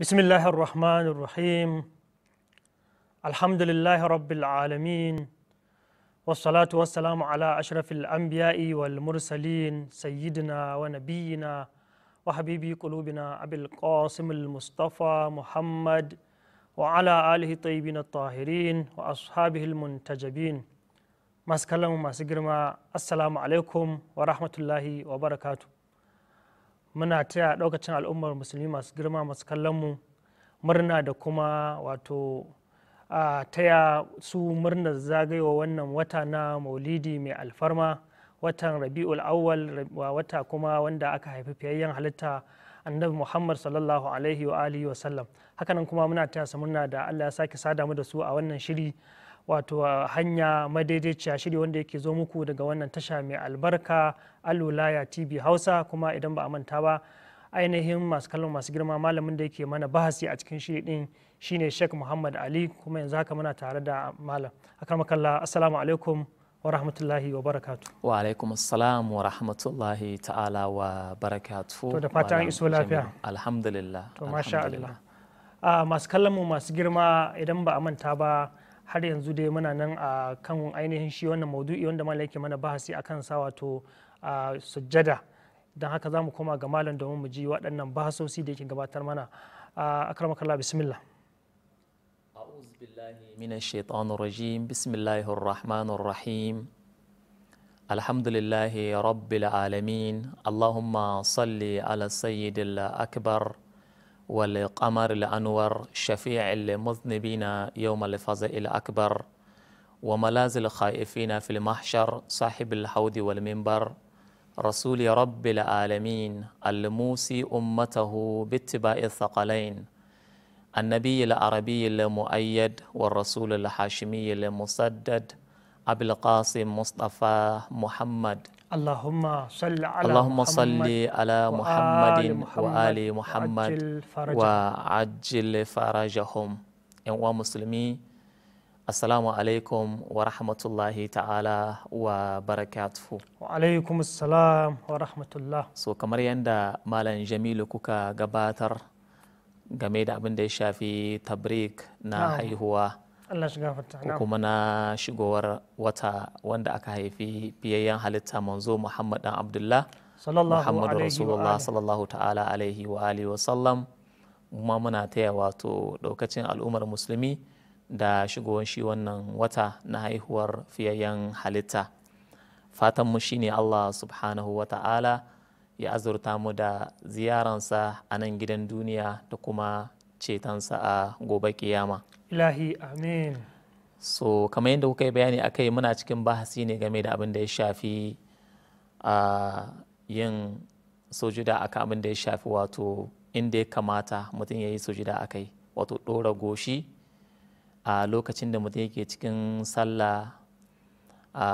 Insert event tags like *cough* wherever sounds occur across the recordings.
بسم الله الرحمن الرحيم الحمد لله رب العالمين والصلاة والسلام على أشرف الأنبياء والمرسلين سيدنا ونبينا وحبيبي قلوبنا أبي القاسم المصطفى محمد وعلى آله الطيبين الطاهرين وأصحابه المنتجبين ما سكلم ما السلام عليكم ورحمة الله وبركاته muna taya ɗaukacin al'ummar musulmi masu girma masu kallon mu murna da kuma wato a taya su murnar zagayowa wannan wata na maulidi mai alfarma watan rabi'ul awwal wata kuma wanda aka haifi fiyayyen halitta annabi muhammad sallallahu alaihi wa alihi wa sallam hakanan kuma muna taya su murna da allah ya sake sada mu da su a wannan shiri wato hanya madaidaiciya shiri wanda yake zo muku daga wannan tasha mai albarka alulaya tv hausa kuma idan ba a manta ba ainihin masu kallon masu girma malamin da yake mana bahasi a cikin shiri din shine sheikh muhammad ali kuma yanzu haka muna tare da malam makalla, assalamu alaikum wa rahmatullahi wa barakatu wa alaikum assalam wa rahmatullahi ta'ala wa barakatu to da fatan iso lafiya alhamdulillah to masha Allah masu kallon mu masu girma idan ba a manta ba har yanzu dai muna nan a kan ainihin shi wannan maudu'i wanda malam yake mana bahasi akan sa wato sujjada don haka za mu koma ga malam domin mu ji waɗannan bahasosi da yake gabatar mana akramakallah bismillah أعوذ بالله من الشيطان الرجيم بسم الله الرحمن الرحيم الحمد لله والقمر الأنور شفيع المذنبين يوم الفزع الأكبر وملاذ الخائفين في المحشر صاحب الحوض والمنبر رسول رب العالمين الموصي أمته باتباع الثقلين النبي العربي المؤيد والرسول الحاشمي المسدد أبي القاسم مصطفى محمد اللهم صل على اللهم صل على محمد وآل محمد وعجل فرجهم يا مسلمين السلام عليكم ورحمة الله تعالى وبركاته وعليكم السلام ورحمة الله سو كمري عند مالا جميل كوكا غباتر غميد عبند شافي تبريك نا هو نعم. Allah ko kuma na shigowar wata wanda aka haifi fiyayyen halitta manzo Muhammad dan Abdullah Muhammadu Rasulullah sallallahu ta'ala alaihi wa alihi wa sallam kuma muna taya wato daukacin al'ummar musulmi da shigowar shi wannan wata na haihuwar fiyayyen halitta fatan mu shine Allah subhanahu wa ta'ala ya azurta mu da ziyaransa a nan gidan duniya da kuma cetonsa a gobe kiyama ilahi amin so kamar yadda kuka yi bayani akai muna cikin bahasi ne game da abin da ya shafi a yin sojuda aka abin da ya shafi wato inda ya kamata mutum ya yi sojuda akai wato ɗora goshi a lokacin da mutum yake cikin sallah a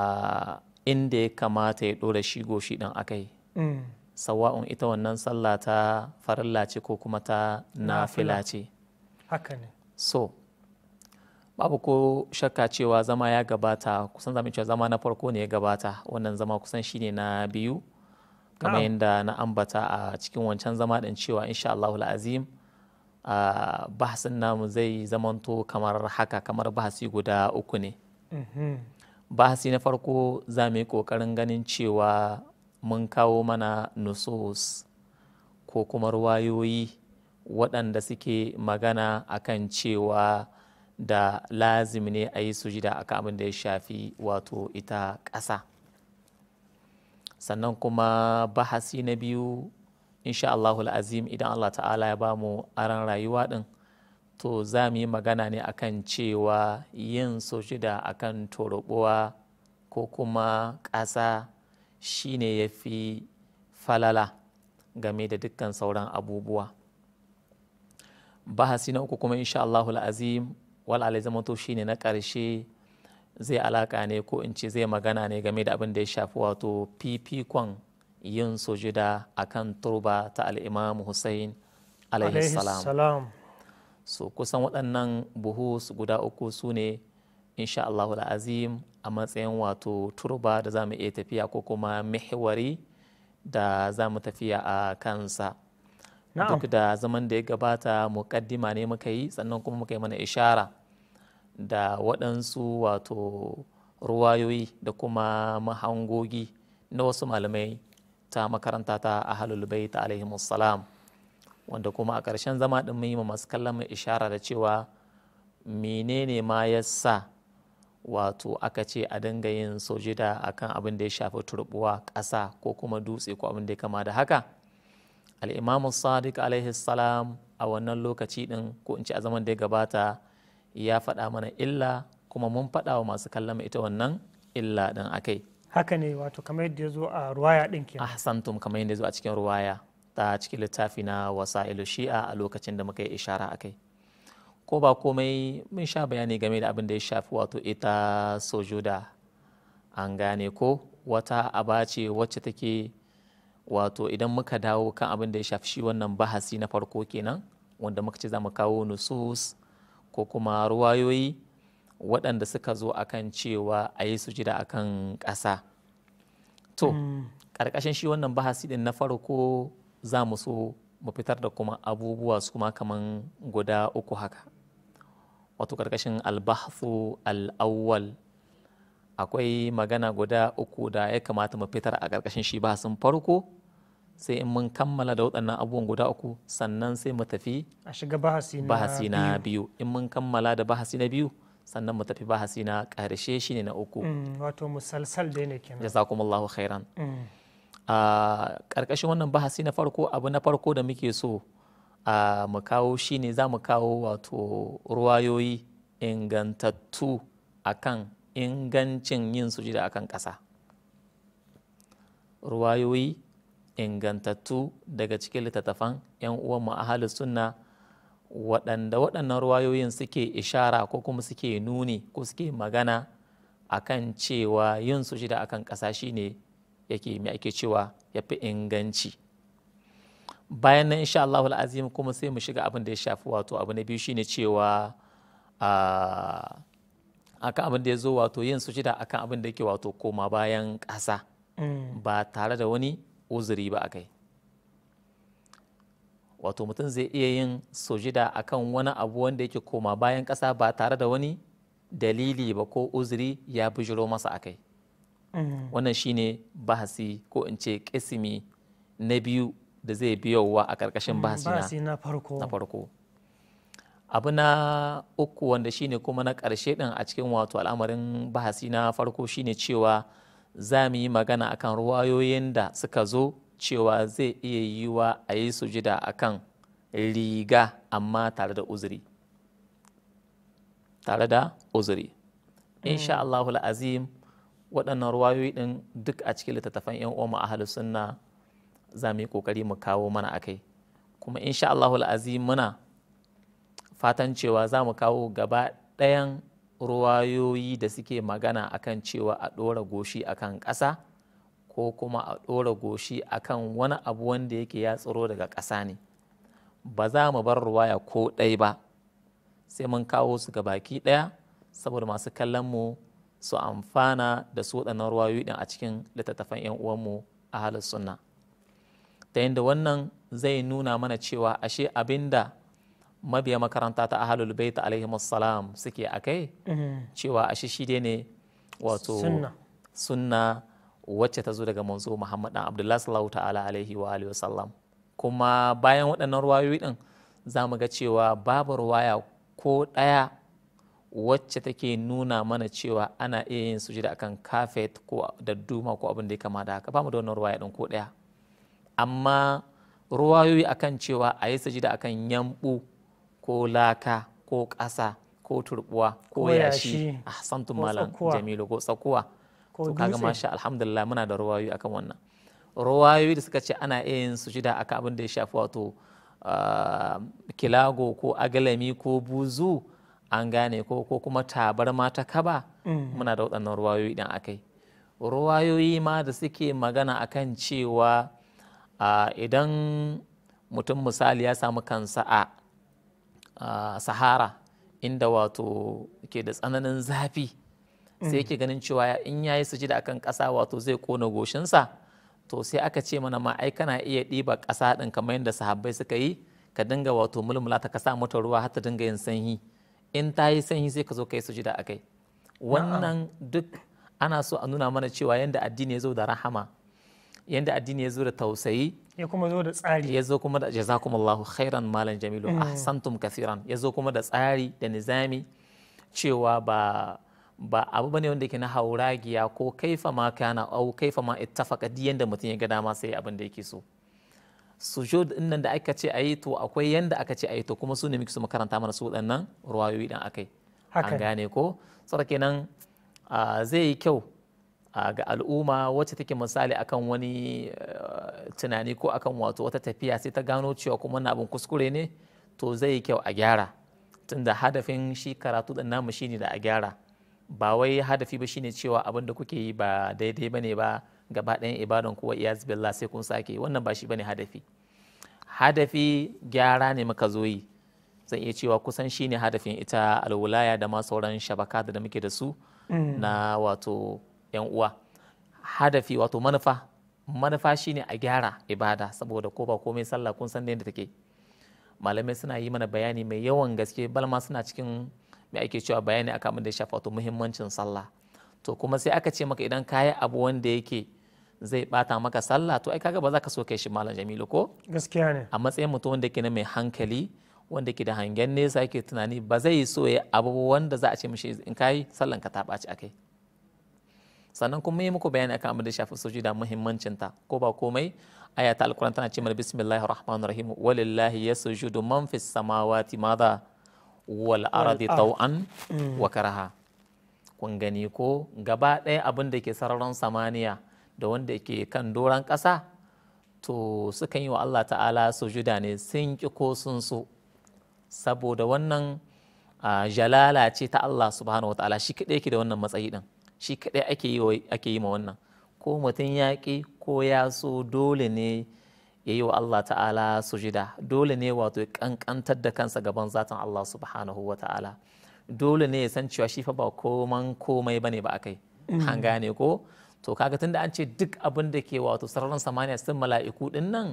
inda ya kamata ya ɗora shi goshi ɗin akai mm. sawa'un ita wannan sallah ta farilla ce ko kuma ta nafila ce haka ne so babu ko shakka cewa zama ya gabata kusan zama cewa zama na farko ne ya gabata wannan zama kusan shine na biyu kamar yadda na ambata a cikin wancan zama din cewa insha Allah azim a bahasin namu zai zamanto kamar haka kamar bahasi guda uku ne mhm. bahasi na farko za mu yi ƙoƙarin ganin cewa mun kawo mana nusus ko kuma ruwayoyi waɗanda suke magana akan cewa da lazim ne a yi sujida akan abin da ya shafi wato ita ƙasa sannan kuma bahasi na biyu insha Allahul azim idan Allah ta'ala ya ba mu aran rayuwa ɗin to za mu yi magana ne akan cewa yin sujida akan torobuwa ko kuma ƙasa shi ne ya fi falala game da dukkan sauran abubuwa bahasi na uku kuma insha Allahul azim wal zamanto shi ne na ƙarshe zai alaka ne ko in ce zai magana ne game da abin da ya shafi wato fifikon yin sujuda a kan turba ta al'imamu Hussein alaihi salam so kusan waɗannan buhus guda uku su ne insha Allah azim a matsayin wato turba da za mu iya tafiya ko kuma mihwari da za mu tafiya a kansa duk da zaman da ya gabata muƙaddima ne muka yi sannan kuma muka yi mana ishara da waɗansu wato ruwayoyi da kuma mahangogi na wasu malamai ta makaranta ta ahalul bait alaihimussalam wanda kuma a ƙarshen zama ɗin mun yi masu kallon ishara da cewa menene ma ya sa wato aka ce a dinga yin sojida akan abin da ya shafi turbuwa kasa ko kuma dutse ko abin da ya kama da haka al'imamu sadiq alaihi salam a wannan lokaci din ko in ce a zaman da ya gabata ya faɗa mana illa kuma mun faɗa wa masu kallama ita wannan illa din kai. haka ne wato kamar yadda ya zo a ruwaya din ke. ahsantum kamar yadda ya zo a cikin ruwaya ta cikin littafi na wasa'ilu shi'a a lokacin da muka yi ishara a kai. ko ba komai mun sha bayani game da abin da ya shafi wato ita sojoda an gane ko wata aba ce wacce take wato idan muka dawo kan abin da ya shafi shi wannan bahasi na farko kenan wanda muka ce za mu kawo nusus ko kuma ruwayoyi waɗanda suka zo akan cewa a yi sujida akan ƙasa to hmm. ƙarƙashin shi wannan bahasi ɗin na farko za mu so mu fitar da kuma abubuwa su kuma kaman guda uku haka wato karkashin albahthu al'awwal akwai magana guda uku da ya kamata mu fitar a karkashin shi sun farko sai in mun kammala da waɗannan abubuwan guda uku sannan sai mu tafi a shiga bahasi na biyu in mun kammala da bahasi na biyu sannan mu tafi bahasi na ƙarshe shi ne na uku mm, wato musalsal dai ne kenan jazakumullahu khairan mm. a ah, ƙarƙashin wannan bahasi na farko abu na farko da muke so mu kawo shi ne za mu kawo wato ruwayoyi ingantattu akan ingancin yin sujida akan ƙasa ruwayoyi ingantattu daga cikin littattafan 'yan uwan ahalus sunna waɗanda waɗannan ruwayoyin suke ishara ko kuma suke nuni ko suke magana a kan cewa yin sujida akan ƙasa shine yake mai ake cewa ya fi inganci bayan nan insha Allah azim kuma sai mu shiga abin da ya shafi wato abu na biyu shine cewa akan abin da ya zo wato yin sujida akan abin da yake wato koma bayan ƙasa mm. ba tare da wani uzuri ba a kai wato mutum zai iya yin sujida akan wani abu wanda yake koma bayan ƙasa ba tare da wani dalili ba ko uzuri ya bijiro masa a kai mm. wannan shine bahasi ko in ce ƙismi na biyu da zai biyowa a ƙarƙashin mm, bahasi na farko abu na uku wanda shine kuma na ƙarshe ɗin a cikin wato al'amarin bahasi na farko shine cewa za mu yi magana akan ruwayoyin da suka zo cewa zai iya yiwa a yi sujida akan riga amma tare da uzuri tare da uzuri mm. insha Allahul azim waɗannan ruwayoyi ɗin duk a cikin littattafan 'yan uwa ahlus sunna za mu yi kokari mu kawo mana a kai, kuma insha Allahul azim muna fatan cewa za mu kawo gaba ɗayan ruwayoyi da suke magana akan cewa a ɗora goshi akan ƙasa ko kuma a ɗora goshi akan wani abu wanda yake ya tsiro daga ƙasa ne ba za mu bar ruwaya ko ɗai ba sai mun kawo su ga baki ɗaya saboda masu kallon mu su amfana da su waɗannan ruwayoyi ɗin a cikin littattafan 'yan uwanmu a halin sunna ta yadda wannan zai nuna mana cewa ashe abinda mabiya makaranta ta ahalul baita alaihi salam suke a kai mm-hmm. cewa ashe shi dai ne wato sunna wacce ta zo daga manzo muhammad dan abdullahi sallallahu ta'ala alaihi wa alihi wasallam kuma bayan waɗannan ruwayoyi din za mu ga cewa babu ruwaya ko ɗaya wacce take nuna mana cewa ana iya yin sujida akan kafet ko da duma ko abin da ya kama da haka ba mu da wannan ruwaya din ko ɗaya amma ruwayoyi akan cewa a yi sajida akan yambu ko laka ko ƙasa ko turbuwa ko yashi a santun malam jamilu ko tsakuwa ko kaga masha alhamdulillah muna da ruwayoyi akan wannan ruwayoyi da suka ce ana iya yin sujida akan abin da ya shafi wato ah, kilago ko agalami ko buzu an gane ko ko kuma tabarma ta kaba mm. muna da waɗannan ruwayoyi idan akai ruwayoyi ma da suke magana akan cewa idan mutum misali ya samu kansa a sahara inda wato ke da tsananin zafi sai yake ganin cewa in ya yi sujida kan ƙasa wato zai kona goshinsa to sai aka ce mana ma ai kana iya ɗiba ƙasa ɗin kamar yadda sahabbai suka yi ka dinga wato mulmula ta kasa mata ruwa har ta dinga yin sanyi in ta yi sanyi sai ka zo ka yi sujida kai. wannan duk ana so a nuna mana cewa yadda addini ya zo da rahama yanda addini ya zo da tausayi ya kuma zo da tsari ya zo kuma da jazakumullahu khairan malam jamilu mm. ahsantum kathiran ya zo kuma da tsari da nizami cewa ba ba abu bane wanda yake na hauragiya ko kaifa ma kana au kaifa ma ittafaqa di yanda mutum ya ga dama sai abin da yake so sujud din nan da aka ce ayi to akwai yanda aka ce ayi to kuma su ne muke so makaranta mana su waɗannan ruwayoyi dan akai an gane ko saboda nan ah, zai yi kyau ga al'umma wacce take misali akan wani eh, tunani ko akan wato wata tafiya sai ta gano cewa kuma na abin kuskure ne to zai yi kyau a gyara tunda hadafin shi karatu din namu shine da a gyara ba wai hadafi ba shine cewa abin da kuke yi ba daidai bane ba gaba ɗayan ibadan kuwa iyaz billah sai kun sake wannan ba shi bane hadafi hadafi gyara ne muka zo yi zan iya cewa kusan shine hadafin ita alwulaya da ma sauran shabaka da muke da su mm. na wato yan uwa hadafi wato manufa manufa shine a gyara ibada saboda ko ba komai sallah kun san da take malamai suna yi mana bayani mai yawan gaske balma suna cikin mai ake cewa bayani akan abin da ya shafa wato muhimmancin sallah to kuma sai aka ce maka idan kayi abu wanda yake zai bata maka sallah to ai kaga ba za ka so kai shi malam Jamilu ko gaskiya ne a matsayin mutum wanda ke na mai hankali wanda ke da hangen nesa yake tunani ba zai so ya abu wanda za a ce mishi in kayi sallan ka ta ɓaci akai sannan kuma yi muku bayani akan abin da shafi da muhimmancin ta ko ba komai aya ta alquran tana cewa bismillahi rahmanir rahim walillahi yasjudu man fis samawati madha wal ardi taw'an mm. wa karaha kun gani ko gaba ɗaya abin da ke sararin samaniya da wanda ke kan doron ƙasa to sukan yi wa Allah ta'ala sujuda ne sun ƙi ko sun so saboda wannan ah, jalala ce ta Allah subhanahu wa ta'ala shi kaɗai ke da wannan matsayi ɗin shi kaɗai ake yi ake ma wannan ko mutum ya ƙi ko ya so dole ne ya yi wa Allah ta'ala sujida dole ne wato ya ƙanƙantar da kansa gaban zatan Allah subhanahu wa ta'ala dole ne ya san cewa shi fa ba koman komai bane ba akai mm. an gane ko to kaga tunda an ce duk abin da ke wato sararin samaniya sun mala'iku din nan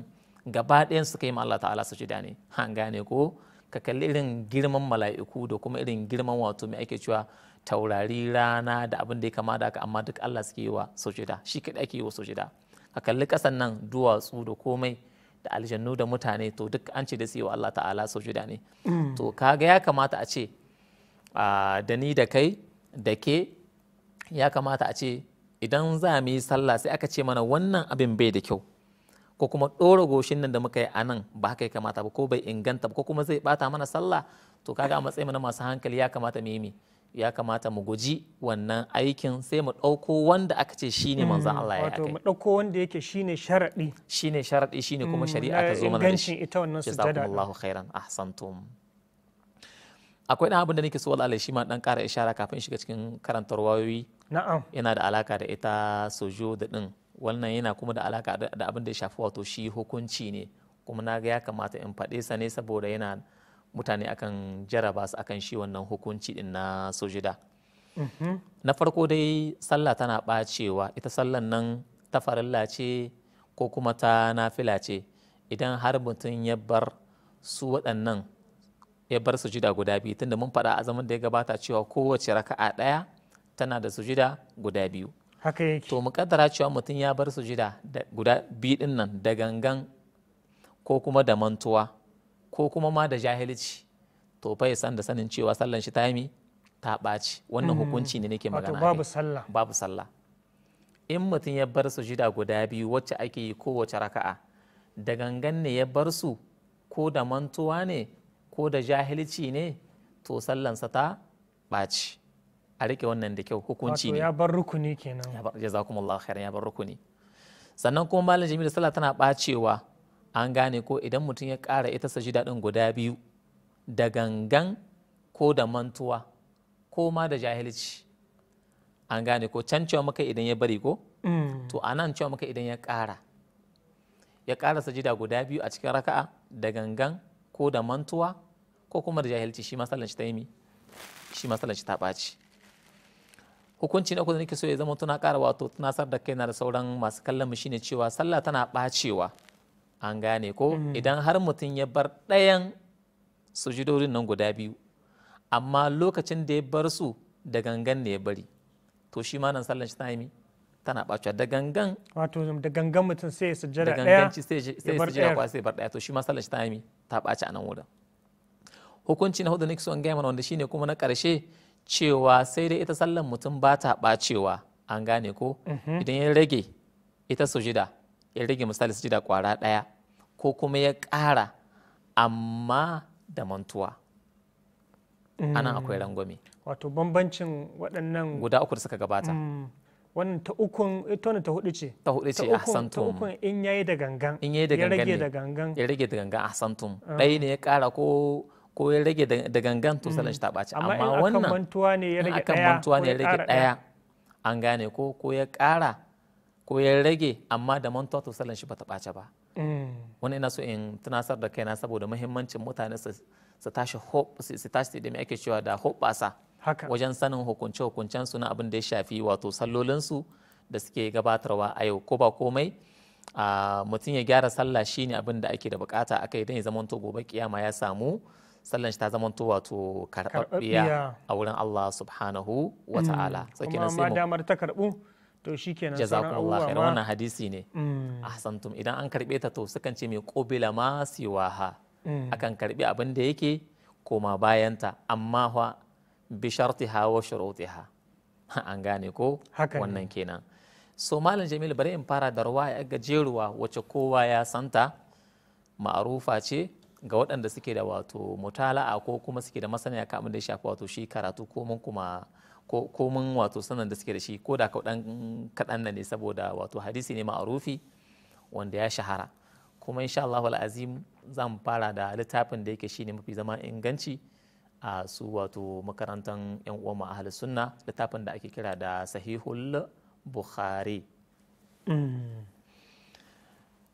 gaba ɗayan su yi ma Allah ta'ala sujida ne an gane ko ka kalli irin girman mala'iku da kuma irin girman wato mai ake cewa taurari rana da abin da ya kama da haka amma duk Allah suke yi wa sujada shi kaɗai ake yi wa sujada a kalli ƙasan nan duwatsu da komai da aljannu da mutane to duk an ce da su yi wa Allah ta'ala sujada ne mm. to kaga ya kamata a ce da ni da kai da ke ya kamata a ce idan za mu yi sallah sai aka ce mana wannan abin bai da kyau ko kuma ɗora goshin nan da muka yi a nan ba haka ya kamata ba ko bai inganta ba ko kuma zai bata mana sallah to kaga a matsayin na masu hankali ya kamata mu yi ya kamata mu guji wannan aikin sai mu ɗauko wanda aka ce shi ne hmm, manzan Allah ya kai. mu ɗauko wanda yake shi ne sharaɗi. Shi ne sharaɗi shi ne kuma hmm, shari'a ta zo mana da shi. ita wannan sujada. Jazakumullahu khairan ahsantum. Akwai ɗan abin da nake so Allah shi ma ɗan ƙara ishara kafin shiga cikin karantar wayoyi. Na'am. Yana da alaka da ita sojo da ɗin. Wannan yana kuma da alaka da abin da ya shafi wato shi hukunci ne. Kuma na ga ya kamata in faɗe sa ne saboda yana mutane akan jaraba su akan shi wannan hukunci din na sujida mm-hmm. na farko dai sallah tana ɓacewa ita sallan nan ta farilla ce ko kuma ta nafila ce idan har mutum ya bar su waɗannan ya bar sujida guda biyu tunda mun faɗa a zaman da ya gabata cewa kowace raka'a ɗaya tana da sujida guda biyu haka yake to mu kaddara cewa mutum ya bar sujida guda biyu ɗin nan da gangan ko kuma da mantuwa ko kuma ma da jahilci to fa ya san da sanin cewa sallan shi ta yi ta ɓaci wannan mm. hukunci ne nake magana babu sallah babu sallah in mutum ya bar su jida guda biyu wacce ake yi kowace raka'a da gangan ne ya bar su ko da mantuwa ne ko da jahilci ne to sallansa ta ɓaci a rike wannan da kyau hukunci ne ya bar rukuni kenan jazakumullahu khairan ya bar rukuni sannan kuma malam jamilu sallah tana ɓacewa an gane ko idan mutum ya ƙara ita sajida ɗin guda biyu da gangan ko da mantuwa ko ma da jahilci an gane ko can cewa maka idan ya bari ko mm. to a nan cewa maka idan ya ƙara ya ƙara sajida guda biyu a cikin raka'a da gangan ko da mantuwa ko kuma da jahilci shi matsalar shi ta yi shi matsalar shi ta ɓaci hukunci na uku da nake so ya zama tuna ƙara wato tunasar da kai na da sauran masu kallon mu shine cewa sallah tana ɓacewa an gane ko mm. idan har mutum ya bar ɗayan sujudodin nan guda biyu amma lokacin da ya bar su da gangan ne ya bari to shi ma nan sallan shi ta yi tana ɓacewa da gangan wato da gangan mutum sai ya sujjada ɗaya da ganganci sai ya sujjada kwa sai bar ɗaya to shi ma sallan shi ta yi ta bace a nan wurin hukunci na hudu nake so in gaya mana wanda shine kuma na ƙarshe cewa sai dai ita sallan mutum ba ta bacewa an gane ko mm-hmm. idan ya rage ita sujida ya rage misali sujida kwara ɗaya ko kuma ya ƙara amma da mantuwa anan mm. akwai rangwame wato bambancin waɗannan guda uku da suka gabata mm. wannan ta ukun ita eh, wannan ta hudu ce ta hudu ce a santum ta ukun in yayi da gangan in yayi da gangan ya rage da gangan ya rage da gangan a santum ah. ɗaya ne ya ƙara ko ko ya rage da gangan to mm. salon shi ta ɓaci amma wannan akan mantuwa ne ya rage ɗaya mantuwa ne ya rage ɗaya an gane ko ko ya ƙara ko ya rage amma da mantuwa to salon shi ba ta ɓace ba Mm. wani ina so in tunasar da kaina saboda muhimmancin mutane su tashi su tashi da me ake cewa da hoɓasa wajen sanin hukunce-hukuncen su na abin da ya shafi wato sallolinsu da suke gabatarwa a yau ko ba komai mutum ya gyara sallah shine abin da ake da bukata akai don ya zamanto gobe kiyama ya samu sallan shi ta zamanto wato karɓaɓɓiya a wurin Allah subhanahu wa mm. ta'ala. Kuma ma damar ta karɓu to shikenan jazakumullah khairan wannan hadisi ne mm. ahsantum idan an karbe ta to sukan ce mai qobila ma siwaha mm. akan karbi abin da yake koma bayanta amma fa bi shartiha wa shurutiha an gane ko wannan kenan so malam jamil bari in fara da ruwa ya jeruwa wace kowa ya santa ma'arufa ce ga waɗanda suke da wato mutala'a ko kuma suke da masaniya kamun da ya shafi wato shi karatu ko mun kuma ko mun wato sanan da suke da shi ko da kaɗan nan ne saboda wato hadisi ne ma'arufi wanda ya shahara kuma insha Allahu azim zan fara da littafin da yake shine mafi zama inganci a su wato makarantar yan uwa ma ahli sunna littafin da ake kira da sahihul bukhari mm.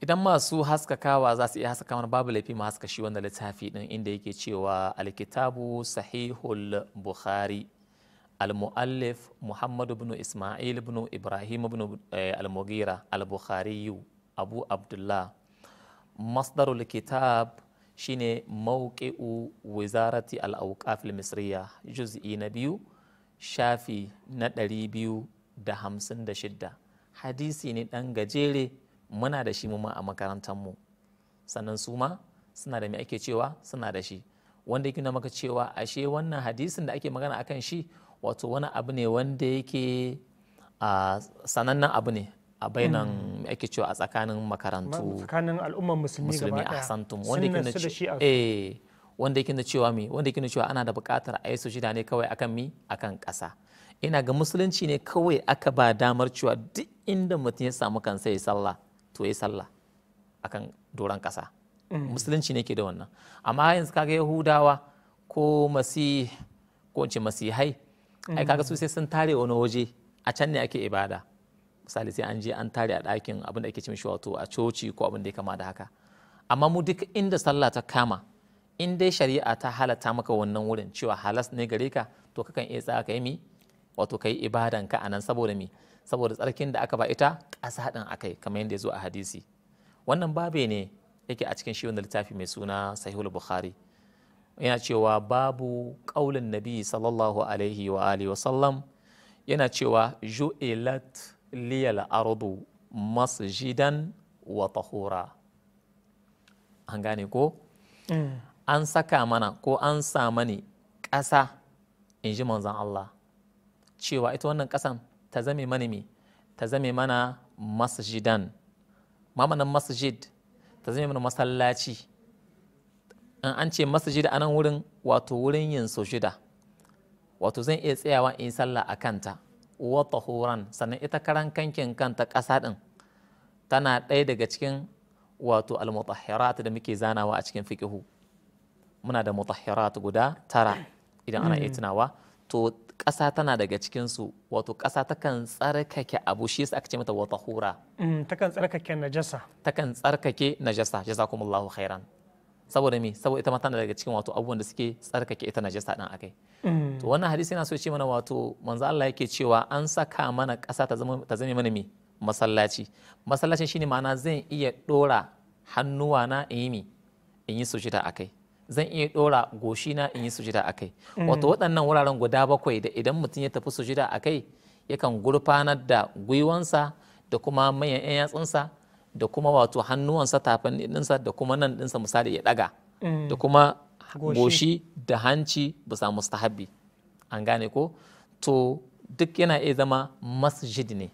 idan masu haskakawa za su iya haskaka babu laifi mu haska shi wannan littafi din inda yake cewa alkitabu sahihul bukhari al-mu'allif muhammad isma'il bin ibrahim bin eh, al al-bukhari abu abdullah masdarul kitab shine mawqi'u wizarati al-awqaf al-misriya juz'i na biyu shafi na ɗari biyu da hamsin da shidda hadisi ne ɗan gajere muna da shi ma a makarantar mu sannan su ma suna da me ake cewa suna da shi wanda yake nuna maka cewa ashe wannan hadisin da ake magana akan shi wato wani abu ne wanda yake a sanannen abu ne a bainan mm. ake cewa a tsakanin makarantu tsakanin al'ummar musulmi a santum eh, wanda yake na cewa me wanda yake na cewa ana da buƙatar a yi su shida ne kawai akan mi akan ƙasa ina ga musulunci ne kawai aka ba damar cewa duk inda mutum ya samu kansa ya sallah to ya sallah akan doron ƙasa mm. musulunci ne ke da wannan amma yanzu kaga yahudawa ko masi ko ce masihai ai kaga su mm. sai sun tare wani waje a can ne ake ibada misali sai an je an tare a ɗakin abin da ake cin wato a coci ko abin da ya kama da haka amma mu duk inda sallah ta kama in dai shari'a ta halatta maka wannan wurin cewa halas ne gare ka to kakan iya tsaya ka yi mi wato ka yi ibadan ka anan saboda mi saboda tsarkin da aka ba ita ƙasa ɗin yi kamar yadda ya zo a hadisi wannan babe ne yake a cikin shi wanda littafi mai suna sahihul bukhari yana cewa babu ƙaulin nabi sallallahu alaihi wa alihi wasallam yana cewa ju'ilat liyal ardu masjidan wa tahura an gane ko mm. an saka mana ko an sa mani ƙasa in ji manzan Allah cewa ita wannan ƙasan ta zame mana me ta zame mana masjidan mamanan masjid ta zame mana masallaci in an ce masjid a nan wurin wato wurin yin shida wato zan iya tsayawa in sallah a kanta wata horan sannan ita karan kankin kanta ƙasa ɗin tana ɗaya daga cikin wato almutahhirat da muke zanawa a cikin fiƙihu muna da mutahhirat guda tara idan ana iya mm. tunawa to ƙasa tana daga cikin su wato ƙasa takan tsarkake abu shi yasa aka ce mata hura ta mm, takan tsarkake najasa takan tsarkake najasa jazakumullahu khairan saboda me saboda ita ma tana daga cikin wato abubuwan da suke tsarkake ita najasa din akai mm. to wannan hadisi yana so ya ce mana wato manzo Allah yake cewa an saka mana ƙasa ta zama ta zame mana me masallaci masallacin shine ma'ana zan iya dora hannuwa na in yi mi in yi sujida akai zan iya dora goshi na in yi sujida akai mm. wato waɗannan wuraren guda bakwai da idan mutum ya tafi sujida akai yakan gurfanar da gwiwansa da kuma manyan 'yan yatsunsa da kuma wato hannuwansa tafin ɗinsa da kuma nan ɗinsa misali ya ɗaga mm. da kuma goshi da hanci bisa mustahabbi an gane ko to duk yana iya zama masjid ne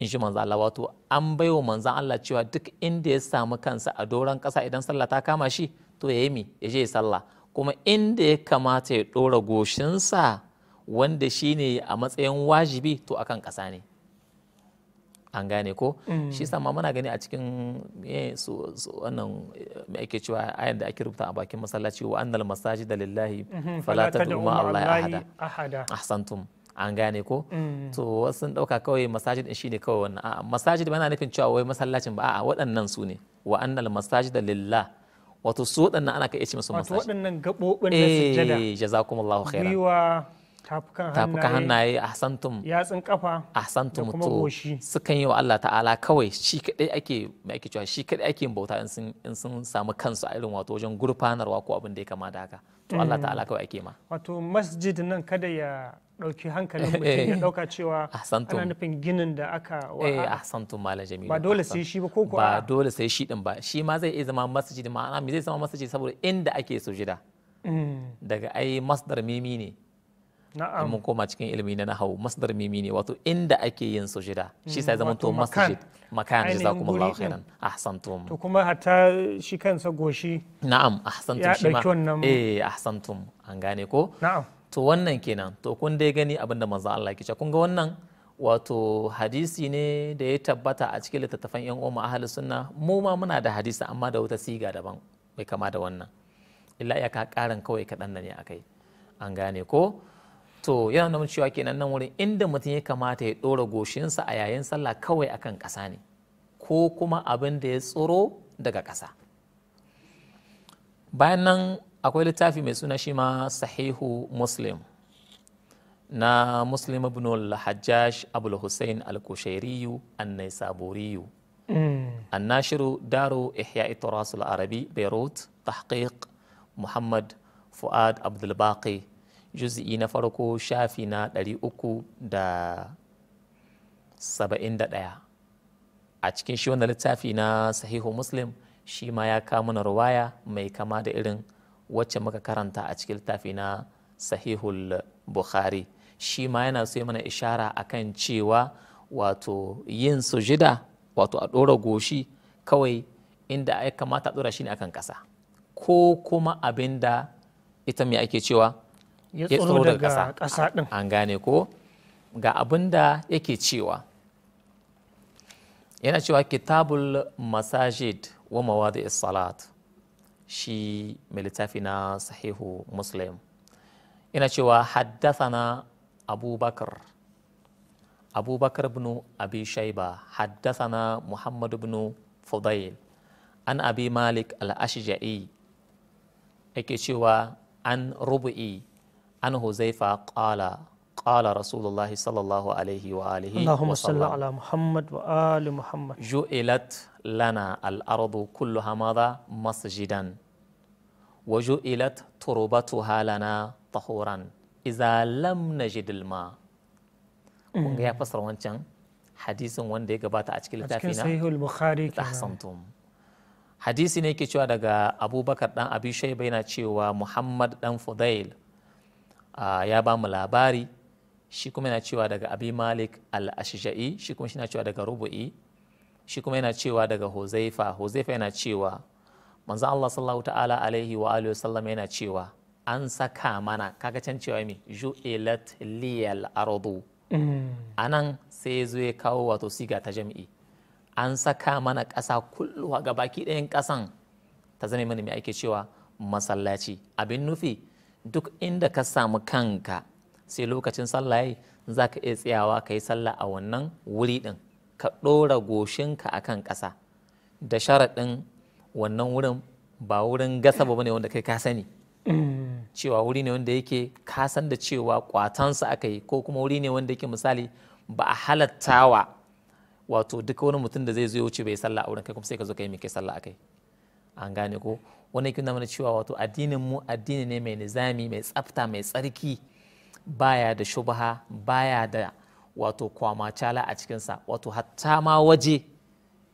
in shi manzan Allah wato an baiwa manzan Allah cewa duk inda ya samu kansa a doron ƙasa idan sallah ta kama shi to ya yi mi ya je sallah kuma inda ya kamata ya ɗora goshinsa wanda shine a matsayin wajibi to akan ƙasa ne an gane ko mm. shi sama muna gani a cikin su wannan mai ake cewa ayan da ake rubuta a bakin masallaci wa annal masajid da lillahi mhm, fala tad'u ma allahi ahada ahsantum an gane ko mm. to wasu dauka kawai masajid din shine kawai wannan a'a masajid ba na nufin cewa wai masallacin ba a'a waɗannan su ne wa annal masajid da lillahi wato su waɗannan ana ka iya ce musu masajid wato waɗannan gaɓoɓin na eh, sujjada eh jazakumullahu khairan tafukan hannaye ahsantum yatsun kafa ahsantum to sukan yi wa Allah ta'ala kawai shi kadai ake mai ake cewa shi kadai ake bauta in sun in sun samu kansu a irin wato wajen gurfanarwa ko abin da ya kama da haka to Allah mm. ta'ala kawai ake ma wato masjid nan kada ya dauki hankalin mutum ya dauka *laughs* eh. cewa ana nufin ginin da aka wa eh ahsantum mala jamilu ba dole sai shi ba ko ko ba dole sai shi din ba shi ma zai iya zama masjid ma'ana me zai zama masjid saboda inda ake sujida mm. daga ai masdar mimi ne na'am mun koma cikin ilimi na nahawu masdar mimi ne wato inda ake yin sujida shi sai zama to masjid makan Allah khairan ahsantum to kuma hatta shi kansa goshi na'am ahsantum shi ma eh ahsantum an gane ko na'am to wannan kenan to kun dai gani abinda manzo Allah yake cewa kun ga wannan wato hadisi ne da ya tabbata a cikin littattafan yan umma ahlus sunna mu ma muna da hadisi amma da wata siga daban bai kama da wannan illa iyaka karin kawai kaɗan ne akai an gane ko to yana nuna cewa kenan nan wurin inda mutum ya kamata ya ɗora goshinsa a yayin sallah kawai akan ƙasa ne ko kuma abin da ya tsoro daga ƙasa bayan nan akwai littafi mai suna shi ma sahihu muslim na muslim ibn al-hajjaj abul hussein al-kushairiyu an-naisaburiyu الناشر mm. daro ihya التراث العربي بيروت تحقيق محمد فؤاد عبد الباقي juzi'i na farko shafi na 371 a cikin shi wannan littafi na sahihu muslim shi ma ya kawo mana ruwaya mai kama da irin wacce muka karanta a cikin littafi na sahihul bukhari shi ma yana so mana ishara akan cewa wato yin sujida wato a ɗora goshi kawai inda ya kamata a ɗora shi ne akan ƙasa ko kuma abin da ita mai ake cewa ya tsoro daga ƙasa ɗin an gane ko ga abin da yake cewa yana cewa kitabul masajid wa mawadi salat shi mai littafi na sahihu muslim yana cewa haddathana abubakar abubakar bin abi shaiba haddathana muhammad bin fudail an abi malik al-ashja'i yake cewa an rubu'i an huzaifa qala kala rasulullahi sallallahu alaihi wa alihi wa salli Muhammad wa ali Muhammad ju'ilat lana al kullu Hamada madha masjidan wa ju'ilat turbatuha lana tahuran idza lam najid al-ma kun ga ya fasara wancan hadisin wanda ya gabata a cikin littafi na sahihul bukhari tahsantum hadisi ne yake cewa daga abubakar dan abishai bai na cewa muhammad dan fudail ya ba mu labari shi kuma yana cewa daga abi malik al-ashja'i shi kuma yana cewa daga rubu'i shi kuma yana cewa daga huzaifa huzaifa yana cewa manzo Allah sallallahu ta'ala alaihi wa alihi yana cewa an saka mana kaga can cewa me ju'ilat liyal ardu mm. anan sai zo ya kawo wato siga ta jami'i an saka mana ƙasa kulluwa ga baki ɗayan ƙasan ta zame mana mai ake cewa masallaci abin nufi duk inda ka samu kanka sai lokacin sallah yi za ka iya tsayawa ka yi sallah a wannan wuri ɗin ka ɗora goshinka a kan ƙasa da sharaɗin wannan wurin ba wurin gasa ba ne wanda kai ka sani cewa wuri ne wanda yake ka da cewa kwatansa aka yi ko kuma wuri ne wanda yake misali ba a halattawa wato duk wani mutum da zai zo ya wuce bai sallah a wurin kai kuma sai ka zo ka yi mai kai sallah a kai an gane ko wani yake mana cewa wato addinin mu addini ne mai nizami mai tsafta mai tsarki baya da shubha baya da wato kwamacala a cikinsa wato hatta ma waje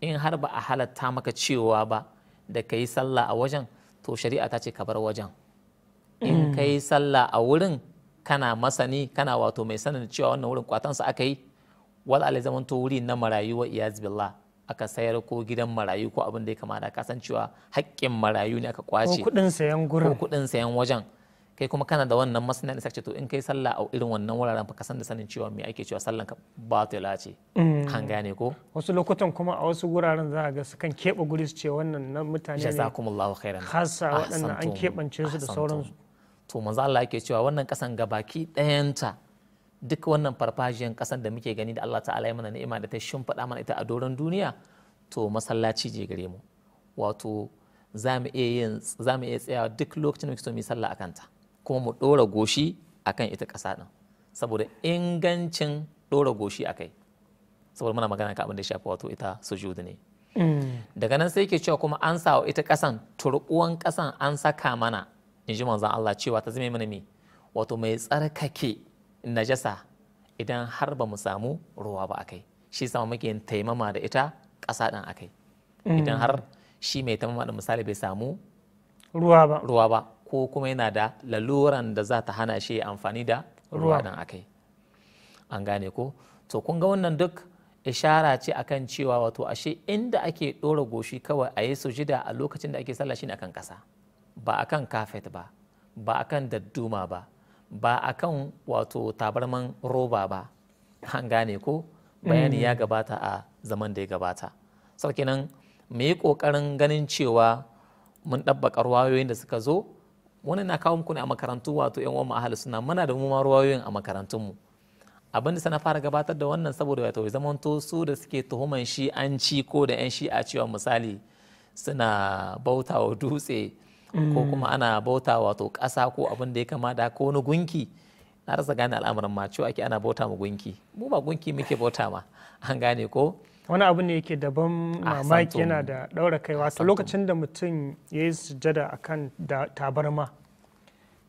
in har ba a halatta maka cewa ba da ka yi sallah a wajen to shari'a ta ce ka bar wajen in mm. ka yi sallah a wurin kana masani kana wato mai sanin cewa wannan wurin kwatansa aka yi wal alai wuri na marayuwa iyaz billah aka sayar ko gidan marayu ko abin da ya kamata ka san cewa haƙƙin marayu ne aka kwace ko kuɗin sayan gurin ko kuɗin sayan wajen kai kuma kana da wannan masana da ce to in kai sallah a irin wannan wuraren fa ka san da sanin cewa me ake cewa sallan ka batila ce mm. an gane ko wasu lokutan kuma a wasu wuraren za a ga sukan keɓe guri su ce wannan na mutane ne jazakumullahu khairan hasa waɗannan an keɓance su da sauransu to manzo Allah yake cewa wannan kasan gabaki ɗayanta duk wannan farfajiyan kasan da muke gani da Allah ta'ala ya mana ni'ima da ta shimfiɗa mana ita a doron duniya to masallaci je gare mu wato za mu iya tsayawa duk lokacin da muke so mu yi sallah akan ta kuma mu ɗora goshi akan ita ƙasa ɗin saboda ingancin ɗora goshi a kai saboda muna magana ka abin da shafi wato ita sujudu ne mm. daga nan sai ke cewa kuma an sa ita ƙasan turkuwan ƙasan an saka mana in ji manzon Allah cewa ta zame mana me wato mai tsarkake najasa idan har ba mu samu ruwa ba akai shi sama muke taimama da ita ƙasa ɗin akai idan mm. har shi mai taimama da misali bai samu ruwa ba ko kuma yana da laluran da za ta hana shi amfani da ruwa ɗan akai an gane ko to kun ga wannan duk ishara ce akan cewa wato ashe inda ake ɗora goshi kawai a yi sujida a lokacin da ake sallah ne akan ƙasa ba akan kafet ba ba akan dadduma ba ba a kan wato tabarman roba ba an gane ko bayani ya mm. gabata a zaman da ya gabata sarki nan mu yi ƙoƙarin ganin cewa mun ɗabbaƙa ruwayoyin da suka zo wani na kawo muku ne a makarantu wato yan uwan mahalli suna muna da muma ruwayoyin a makarantunmu abin da sana fara gabatar da wannan saboda wato ya zamanto su da suke tuhuman shi an ci ko da yan shi a cewa misali suna bauta wa dutse ko mm. kuma ana bauta wato ƙasa ko abin da ya kama da ko wani gunki na rasa gane al'amuran ma cewa ake ana bauta ma gunki mu ba gunki muke bauta ma an gane ko wani abu ne yake daban ah, mamaki yana da ɗaura kaiwa a lokacin da mutum ya yi sujada akan tabarma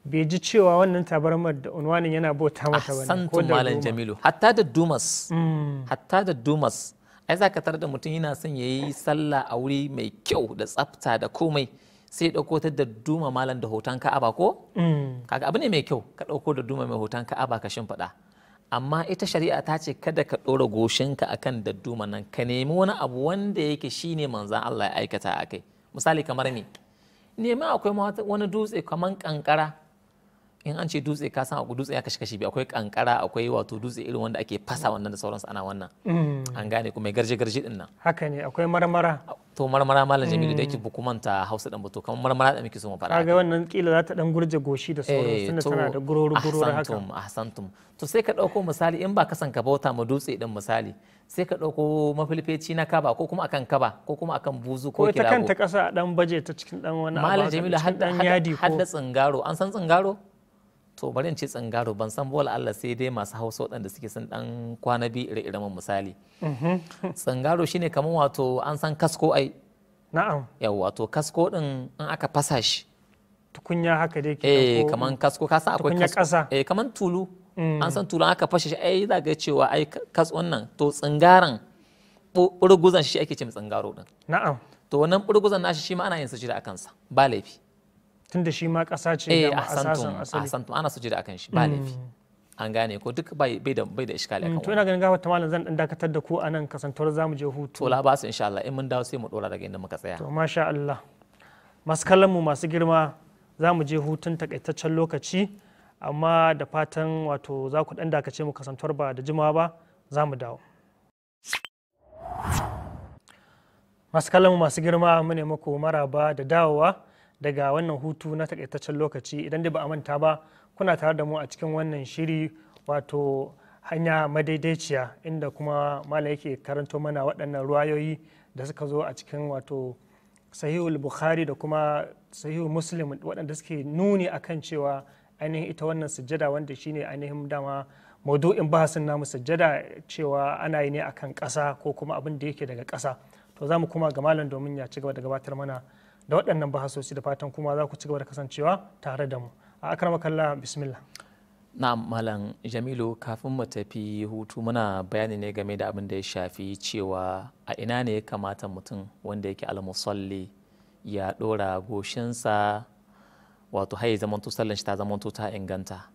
bai ji cewa wannan tabarmar da unwanin yana bauta ah, mata bane ko da malam jamilu hatta da dumas mm. hatta da dumas ai za ka tarar da mutum yana son ya yi sallah a wuri mai kyau da tsafta da komai sai ya ɗauko ta da duma malam da hoton ka'aba ko mm. kaga abu ne mai kyau ka ɗauko da duma mai hoton ka'aba ka shimfiɗa amma ita shari'a ta ce kada ka ɗora goshin ka akan da duma nan ka nemi wani abu wanda yake shine manzan Allah ya aikata a kai misali kamar ni. nemi akwai wani dutse kamar kankara in an ce dutse ka san akwai dutse ya kashi kashi akwai kankara akwai wato dutse irin wanda ake fasa mm. wannan da sauransu ana wannan mm. an gane kuma garje garje din nan haka ne akwai marmara to marmara malam jamilu da yake mm. bukumanta hausa dan bato kamar marmara da muke so mu fara kaga wannan kila za ta dan gurje goshi da sauransu eh, tana da gururu gururu haka ahsantum ahsantum to sai ka dauko misali in ba ka san ka bauta ma dutse din misali sai ka dauko mafilfeci na kaba ko kuma akan kaba ko kuma akan buzu ko kirago ko ta kanta kasa dan baje ta cikin dan wani malam jamilu hadda yadi ko hadda tsingaro an san tsingaro to bari in ce tsangaro ban san bola Allah sai dai masu hausa waɗanda suke san dan kwana bi ire mun misali mhm. tsangaro shine kamar wato an san kasko ai na'am yau wato kasko din in aka fasa shi tukunya haka dai eh kaman kasko ka san akwai kasko eh kaman tulu mm. an san tulu aka fashe shi ai za ga cewa ai kas wannan to tsangaran burguzan shi ake ce tsangaro din na'am to wannan burguzan nashi shi ma ana yin sujida akan sa ba laifi tunda shi ma ƙasa ce eh, da asasin asali santu ana da akan shi ba hmm. laifi an gane ko duk bai da bai da iskali akan hmm, to ina ganin gafa malam zan dan dakatar da ku anan kasantar zamu je hutu to la ba su insha Allah in mun dawo sai mu dora daga inda muka tsaya to masha Allah masu kallon mu masu girma zamu je hutun takaitaccen lokaci amma da fatan wato za ku dan dakace mu kasantar ba da jimawa ba zamu dawo masu kallon masu girma mu ne muku maraba da dawowa daga wannan hutu na takaitaccen lokaci idan da ba a manta ba kuna tare da mu a cikin wannan shiri wato hanya madaidaiciya inda kuma malam yake karanto mana waɗannan ruwayoyi da suka zo a cikin wato sahihul bukhari da kuma sahihul muslim waɗanda suke nuni akan cewa ainihin ita wannan sujjada wanda shine ainihin dama maudu'in bahasin namu sujjada cewa ana yi ne akan ƙasa ko kuma abin da yake daga ƙasa to za mu kuma ga malam domin ya ci gaba da gabatar mana da waɗannan bahasoci da fatan kuma za ku ci gaba da kasancewa tare da mu a akrama kalla bismillah na malam jamilu kafin mu tafi hutu muna bayani ne game da abin da ya shafi cewa a ina ne ya kamata mutum wanda yake almusalli ya ɗora goshinsa wato hai zamanto sallan shi ta zamanto ta inganta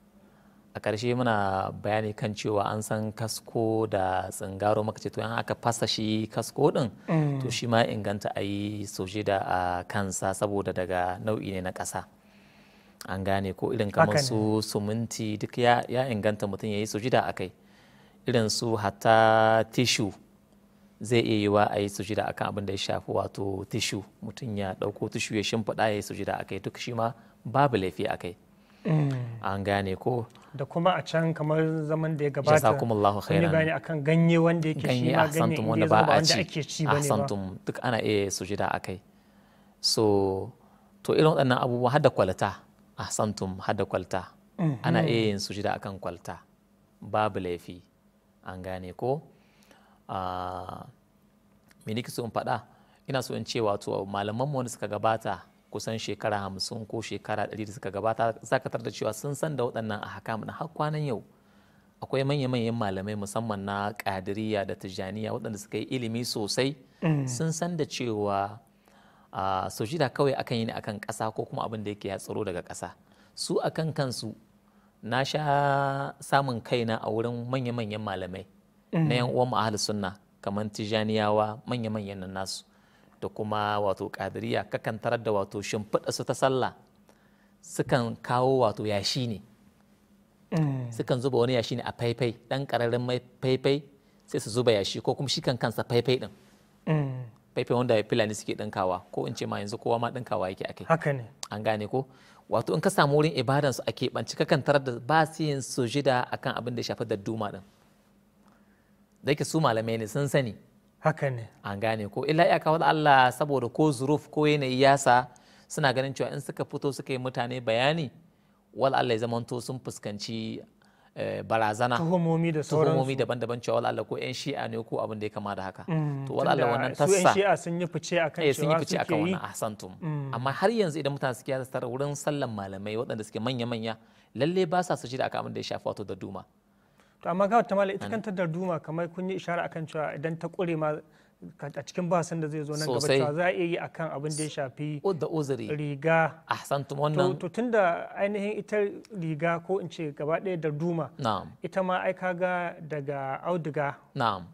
a ƙarshe muna bayani kan cewa an san kasko da tsingaro maka ce to in aka fasa shi kasko din mm. to shi ma inganta a yi soje da a kansa saboda daga nau'i ne na ƙasa an gane ko irin kamar su suminti duk ya inganta mutum ya yi soje da a kai irin su hata tishu zai iya yiwa a yi soje da a kan abin da ya shafi wato tishu mutum ya ɗauko tishu ya shimfiɗa ya yi soje da a kai duk shi ma babu laifi a kai. Mm. an gane ko da kuma a can kamar zaman da ya gabata jazakumullahu khairan bayani akan ganye wanda yake shi ma ganye wanda ba a ci ake ci bane ba duk ana iya su sujida akai so to irin waɗannan abubuwa hada kwalta ahsantum hada kwalta mm-hmm. ana iya yin su sujida akan kwalta babu laifi an gane ko ah, me nake so in faɗa ina so in ce wato malamanmu wanda suka gabata kusan shekara hamsin ko shekara ɗari da suka gabata zakatar da cewa sun san da waɗannan a hakamun har kwanan yau akwai manya-manyan malamai musamman na kadiriya da tijjaniya waɗanda suka yi ilimi sosai mm. sun san da cewa sojida kawai akan yi ne akan ƙasa ko kuma abin da yake ya tsaro daga ƙasa su akan kansu na sha samun kaina a wurin manya-manyan malamai mm. na yan uwan mu sunna kamar tijjaniyawa manya-manyan nan nasu da kuma wato kadiriya kakan tarar da wato shimfiɗa su ta sallah sukan kawo wato yashi ne mm. sukan zuba wani yashi ne a faifai ɗan ƙararin mai faifai sai su zuba yashi ko kuma shi kan kansa faifai ɗin mm. faifai wanda filani suke ɗinkawa ko in ce ma yanzu kowa ma ɗinkawa yake akai haka ne an gane ko wato in ka samu wurin ibadan su a keɓance kakan tarar da ba su yin sujida akan abin da ya shafi dadduma ɗin da ke su malamai ne sun sani haka ne an gane ko illa ya kawo Allah saboda ko zuruf ko yanayi yasa suna ganin cewa in suka fito suka yi mutane bayani wal Allah ya zamanto sun fuskanci eh, barazana tuhumomi da sauransu tuhumomi daban-daban cewa wal Allah ko yan shi'a ne ko abin da ya kama da haka mm, to wal Allah wannan tassa su yan shi'a sun yi fice akan cewa eh, sun yi fice akan wannan ahsantum mm. amma har yanzu idan mutane suke yasa wurin sallan malamai waɗanda suke manya-manya lalle ba sa su da akan abin da ya shafi wato da duma to amma ga wata ita kanta darduma kamar kun yi ishara akan cewa idan ta kure ma a cikin bahasin da zai zo nan gaba cewa za a iya yi akan abin da ya shafi riga ahsantum wannan to tunda ainihin ita riga ko in ce gaba ɗaya darduma ita ma ai kaga daga auduga Na'am.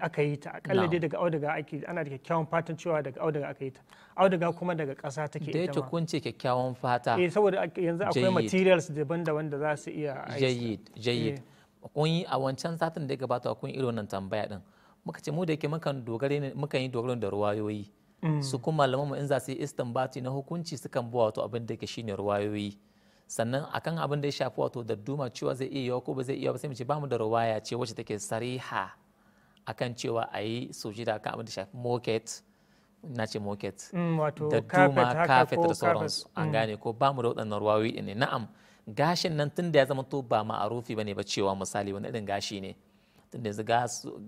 aka yi ta akalla dai daga auduga ake ana da kyakkyawan fatan cewa daga auduga aka yi ta auduga kuma daga ƙasa take ita ma da yake kun ce kyakkyawan fata eh saboda yanzu akwai materials daban-daban da za su iya jayyid jayyid eh. kun yi a wancan satin da ya gabata kun yi irin tambaya din muka ce mu da yake muka dogare yi dogaro da ruwayoyi mm. su kuma malaman mu in za su yi istinbati na hukunci sukan bi wato abin da yake shine ruwayoyi sannan akan abin da ya shafi wato da duma cewa zai iya ko ba zai iya ba sai mu ce bamu da ruwaya ce wacce take sariha akan cewa a yi da kan abin da shafi moket na ce moket mm, da duma kafet da sauransu an mm. gane ko bamu da waɗannan ruwayoyi ne na'am gashin nan tun da ya zama to ba ma'arufi bane ba cewa misali wani irin gashi ne tunda yanzu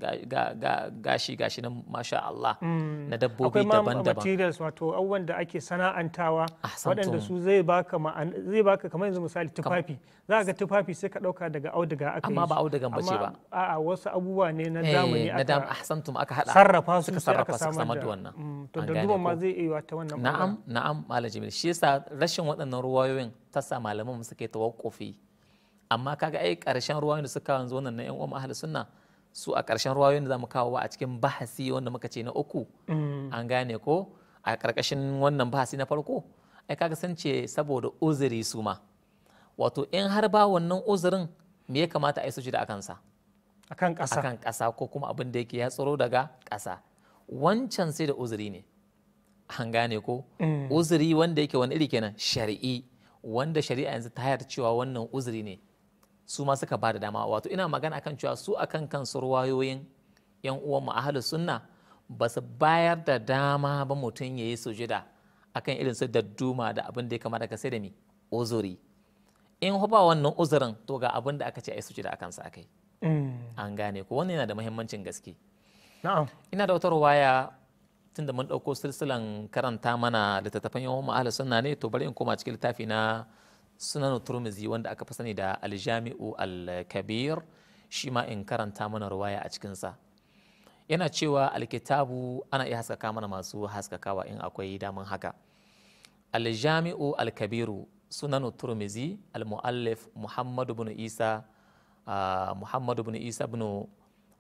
gashi gashi nan masha Allah mm. na dabbobi daban-daban akwai materials wato abubuwan da ake sana'antawa ah, waɗanda su zai baka zai baka kamar yanzu misali tufafi za ga tufafi sai ka ɗauka daga auduga aka amma ba audugan ba ce ba a'a wasu abubuwa ne na eh, zamani aka ahsantum aka hada sarrafa su sai aka samar da wannan mm, to da duban ma zai iya ta wannan na'am na'am malam Jamil shi yasa rashin waɗannan ruwayoyin ta sa malaman suka yi tawakkufi amma kaga ai karshen ruwayoyin da suka wanzu wannan na yan uwan sunna su a karshen ruwayoyin da zamu kawo a cikin bahasi wanda muka ce na uku mm. an gane ko a karkashin wannan bahasi na farko ai kaga san ce saboda uzuri su ma wato in har ba wannan uzurin me ya kamata a yi sujud a kansa akan ƙasa akan ƙasa ko kuma abin da yake ya tsaro daga kasa wancan sai da uzuri ne an gane ko mm. uzuri wanda yake wani iri kenan shari'i wanda shari'a yanzu ta yarda cewa wannan uzuri ne su ma suka ba da dama wato ina magana kan cewa su a kan kansu ruwayoyin yan uwan mu ahlu sunna ba su bayar da dama ba mutum ya yi sujida akan irin su dadduma da abin da ya kamata ka sai da mi uzuri in ba wannan uzurin to ga abin da aka ce a yi sujida akan a kai. Mm. an gane ko wannan yana da muhimmancin gaske na'am ina da wata ruwaya tunda mun ɗauko silsilan karanta mana littattafan yawan ma'ala sunna ne to bari in koma cikin littafi na sunan turmizi wanda aka fi sani da aljami'u al-kabir shi ma in karanta mana ruwaya a cikinsa yana cewa alkitabu ana iya haskaka mana masu haskakawa in akwai daman haka aljami'u al-kabiru sunan turmizi al-mu'allif muhammadu bin isa muhammadu bin isa bin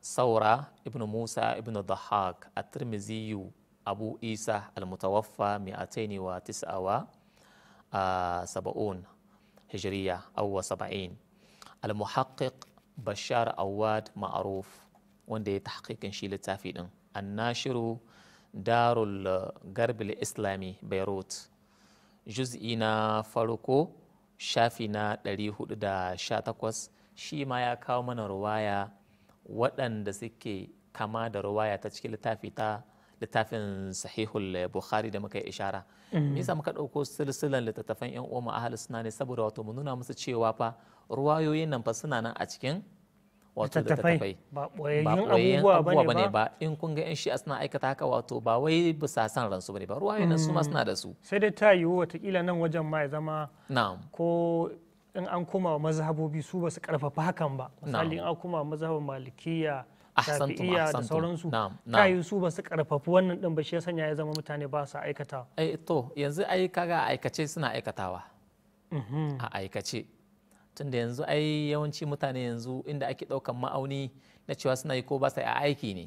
saura ibn musa ibn dahak at-tirmiziyu abu isa al-mutawaffa mi'ataini wa tis'awa saba'un هجرية أو سبعين المحقق بشار أواد معروف وندي تحقيق شي للتافي الناشر دار الغرب الإسلامي بيروت juz'ina farko shafi na 418 shi ma ya kawo mana ruwaya waɗanda suke kama da ruwaya ta cikin littafi ta littafin sahihul bukhari da muka yi ishara mm. me yasa muka ɗauko silsilan littattafan yan uwa ahlus sunna ne saboda wato mu nuna musu cewa fa ruwayoyin nan fa suna nan a cikin wato littattafai ba ɓoyayyen abubuwa ba ne ba in kun ga yan shi suna aikata haka wato ba wai bisa san ransu ba ne ba ruwayoyin nan su ma mm. suna da su sai dai ta yiwu watakila nan wajen ma ya zama Na'am. ko in an koma mazhabobi su ba su karfafa hakan ba misali in an koma mazhabin malikiya ahsantum ahsantum da sauransu kayu su ba su karfafi wannan din ba shi ya sanya ya zama mutane ba su aikata ai eh, to yanzu ai kaga aikace suna aikatawa mm-hmm. a aikace tunda yanzu ai yawanci mutane yanzu inda ake daukan ma'auni na cewa suna yi ko ba su a aiki ne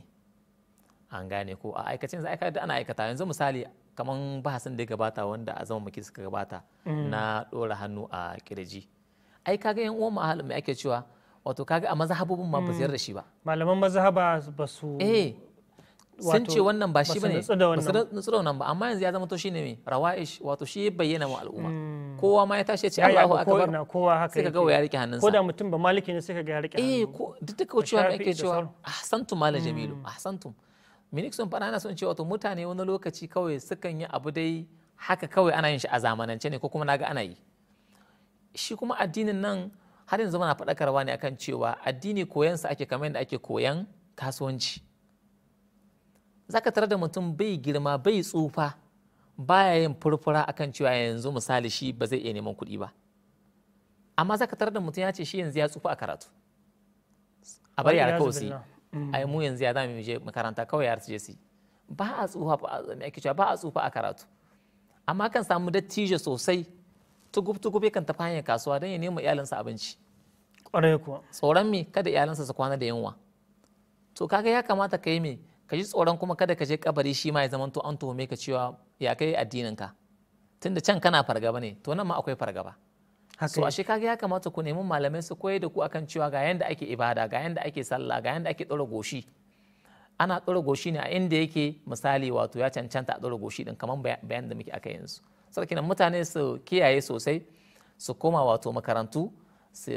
an gane ko a aikace yanzu aikata da ana aikata yanzu misali kamar bahasin da ya gabata wanda a zama maki suka gabata mm. na dora hannu a kirji ai kaga yan uwan mu ake cewa wato kaga a mazhabobin ma ba ziyar hmm. da shi ba malaman mazhaba ba su eh sun ce wannan ba shi bane ba su nutsu da wannan ba amma yanzu ya zama to shine me rawa'ish wato shi ya bayyana wa al'umma hmm. kowa ma ya tashi ya ce Allahu akbar kowa haka sai kaga ya rike hannunsa ko da mutum ba maliki ne sai kaga ya rike eh ko duk da duka cewa ake cewa ahsantu mala jamilu hmm. ahsantum minik sun fara ana son cewa wato mutane wani lokaci kawai sukan yi abu dai haka kawai ana yin shi a zamanance ne ko kuma naga ana yi shi kuma addinin nan har yanzu muna faɗakarwa ne akan cewa addini koyansa ake kamar yadda ake koyan kasuwanci za ka tare da mutum bai girma bai tsufa baya yin furfura akan cewa yanzu misali shi ba zai iya neman kuɗi ba amma za ka tare da mutum ya ce shi yanzu ya tsufa a karatu a bari yara kawai su mm. ai mu yanzu ya zama je makaranta kawai yara su je su ba a tsufa ba a tsufa a karatu amma kan samu dattijo sosai tugub-tugub yakan tafi hanyar kasuwa don ya nema iyalinsa abinci ƙwarai kuwa tsoron me kada iyalinsa su kwana da yunwa to kaga ya kamata ka yi me ka ji tsoron kuma kada ka je kabari shi ma ya zama to an tuhume ka cewa ya kai addinin ka tunda can kana fargaba ne to nan ma akwai fargaba so ashe kaga ya kamata ku nemi malamai su koyar da ku akan cewa ga yanda ake ibada ga yanda ake sallah ga yanda ake ɗora goshi ana ɗora goshi ne a inda yake misali wato ya cancanta a ɗora goshi din kamar bayan da muke aka yanzu sarkinan mutane su kiyaye sosai su koma wato makarantu su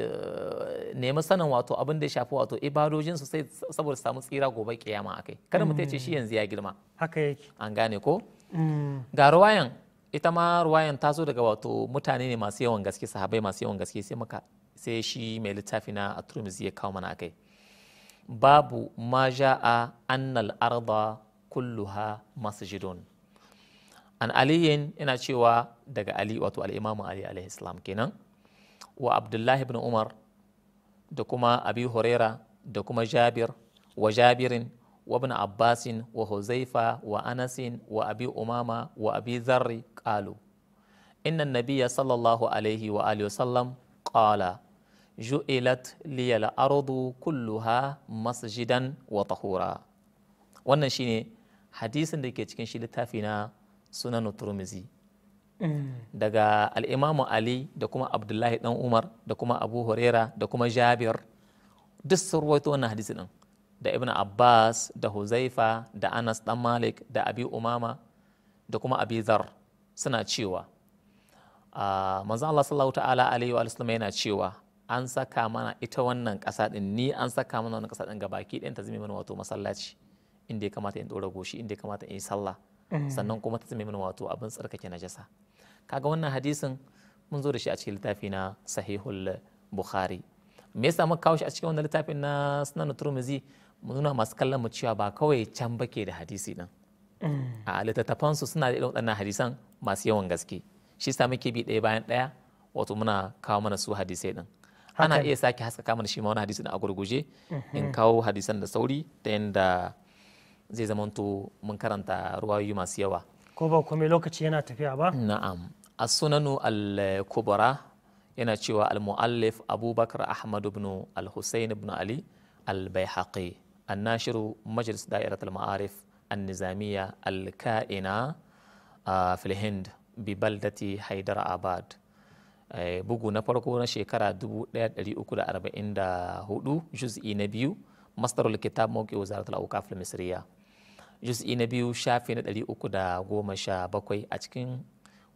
nemi sanin wato abin da ya shafi wato ibadojin su sai saboda samu tsira gobe kiyama akai kada mu ce shi mm. yanzu ya girma haka yake an gane ko mm. ga ruwayan ita ma ruwayan ta zo daga wato mutane ne masu yawan gaske sahabai masu yawan gaske sai muka sai shi mai littafi na at ya kawo mana akai babu ma ja'a annal arda kulluha masjidun an aliyin ina cewa daga ali wato al'imamu ali alaihi kenan wa abdullahi ibn umar da kuma abi huraira da kuma jabir wa jabirin wa ibn abbasin wa huzaifa wa anasin wa abi umama wa abi zarri qalu inna Nabiya sallallahu alaihi wa alihi sallam qala ju'ilat liyal ardu kulluha masjidan wa tahura wannan shine hadisin da ke cikin shi littafi na sunan turmizi mm. daga al'imamu ali da kuma abdullahi dan umar da kuma abu huraira da kuma jabir duk sun ruwaito wannan hadisi din da ibn abbas da huzaifa da anas dan malik da abi umama da kuma abi zar suna cewa ah, manzo Allah sallahu ta'ala alaihi wa sallam yana cewa an saka mana ita wannan kasa din ni an saka mana wannan kasa din baki ɗin ta zame mana wato masallaci inda ya kamata in dora goshi inda ya kamata in yi sallah Eh. sannan kuma ta zame mana wato abin tsarkake najasa kaga wannan hadisin mun zo da shi a cikin littafi na sahihul bukhari me yasa muka kawo shi a cikin wannan littafin na sunan turmizi Mun nuna masu kallon mu cewa ba kawai can ba ke da hadisi din eh. a littattafan su suna da irin waɗannan hadisan masu yawan gaske shi sa muke bi ɗaya bayan ɗaya wato muna kawo mana su hadisai din ana iya sake haskaka mana shi ma wani hadisi a gurguje in eh. kawo hadisan da sauri ta yanda zai zama to mun karanta ruwayoyi masu yawa ko ba kuma lokaci yana tafiya ba na'am as-sunanu al-kubra yana cewa al-muallif abubakar ahmad ibn al-husayn ibn ali al-baihaqi الناشر مجلس دائرة المعارف النظامية الكائنة في الهند ببلدة حيدر آباد bugu na farko na shekara 1344 juz'i na biyu مصدر الكتاب mawqi وزارة الأوقاف المصرية juz'i na biyu shafi na ɗari uku da goma sha bakwai a cikin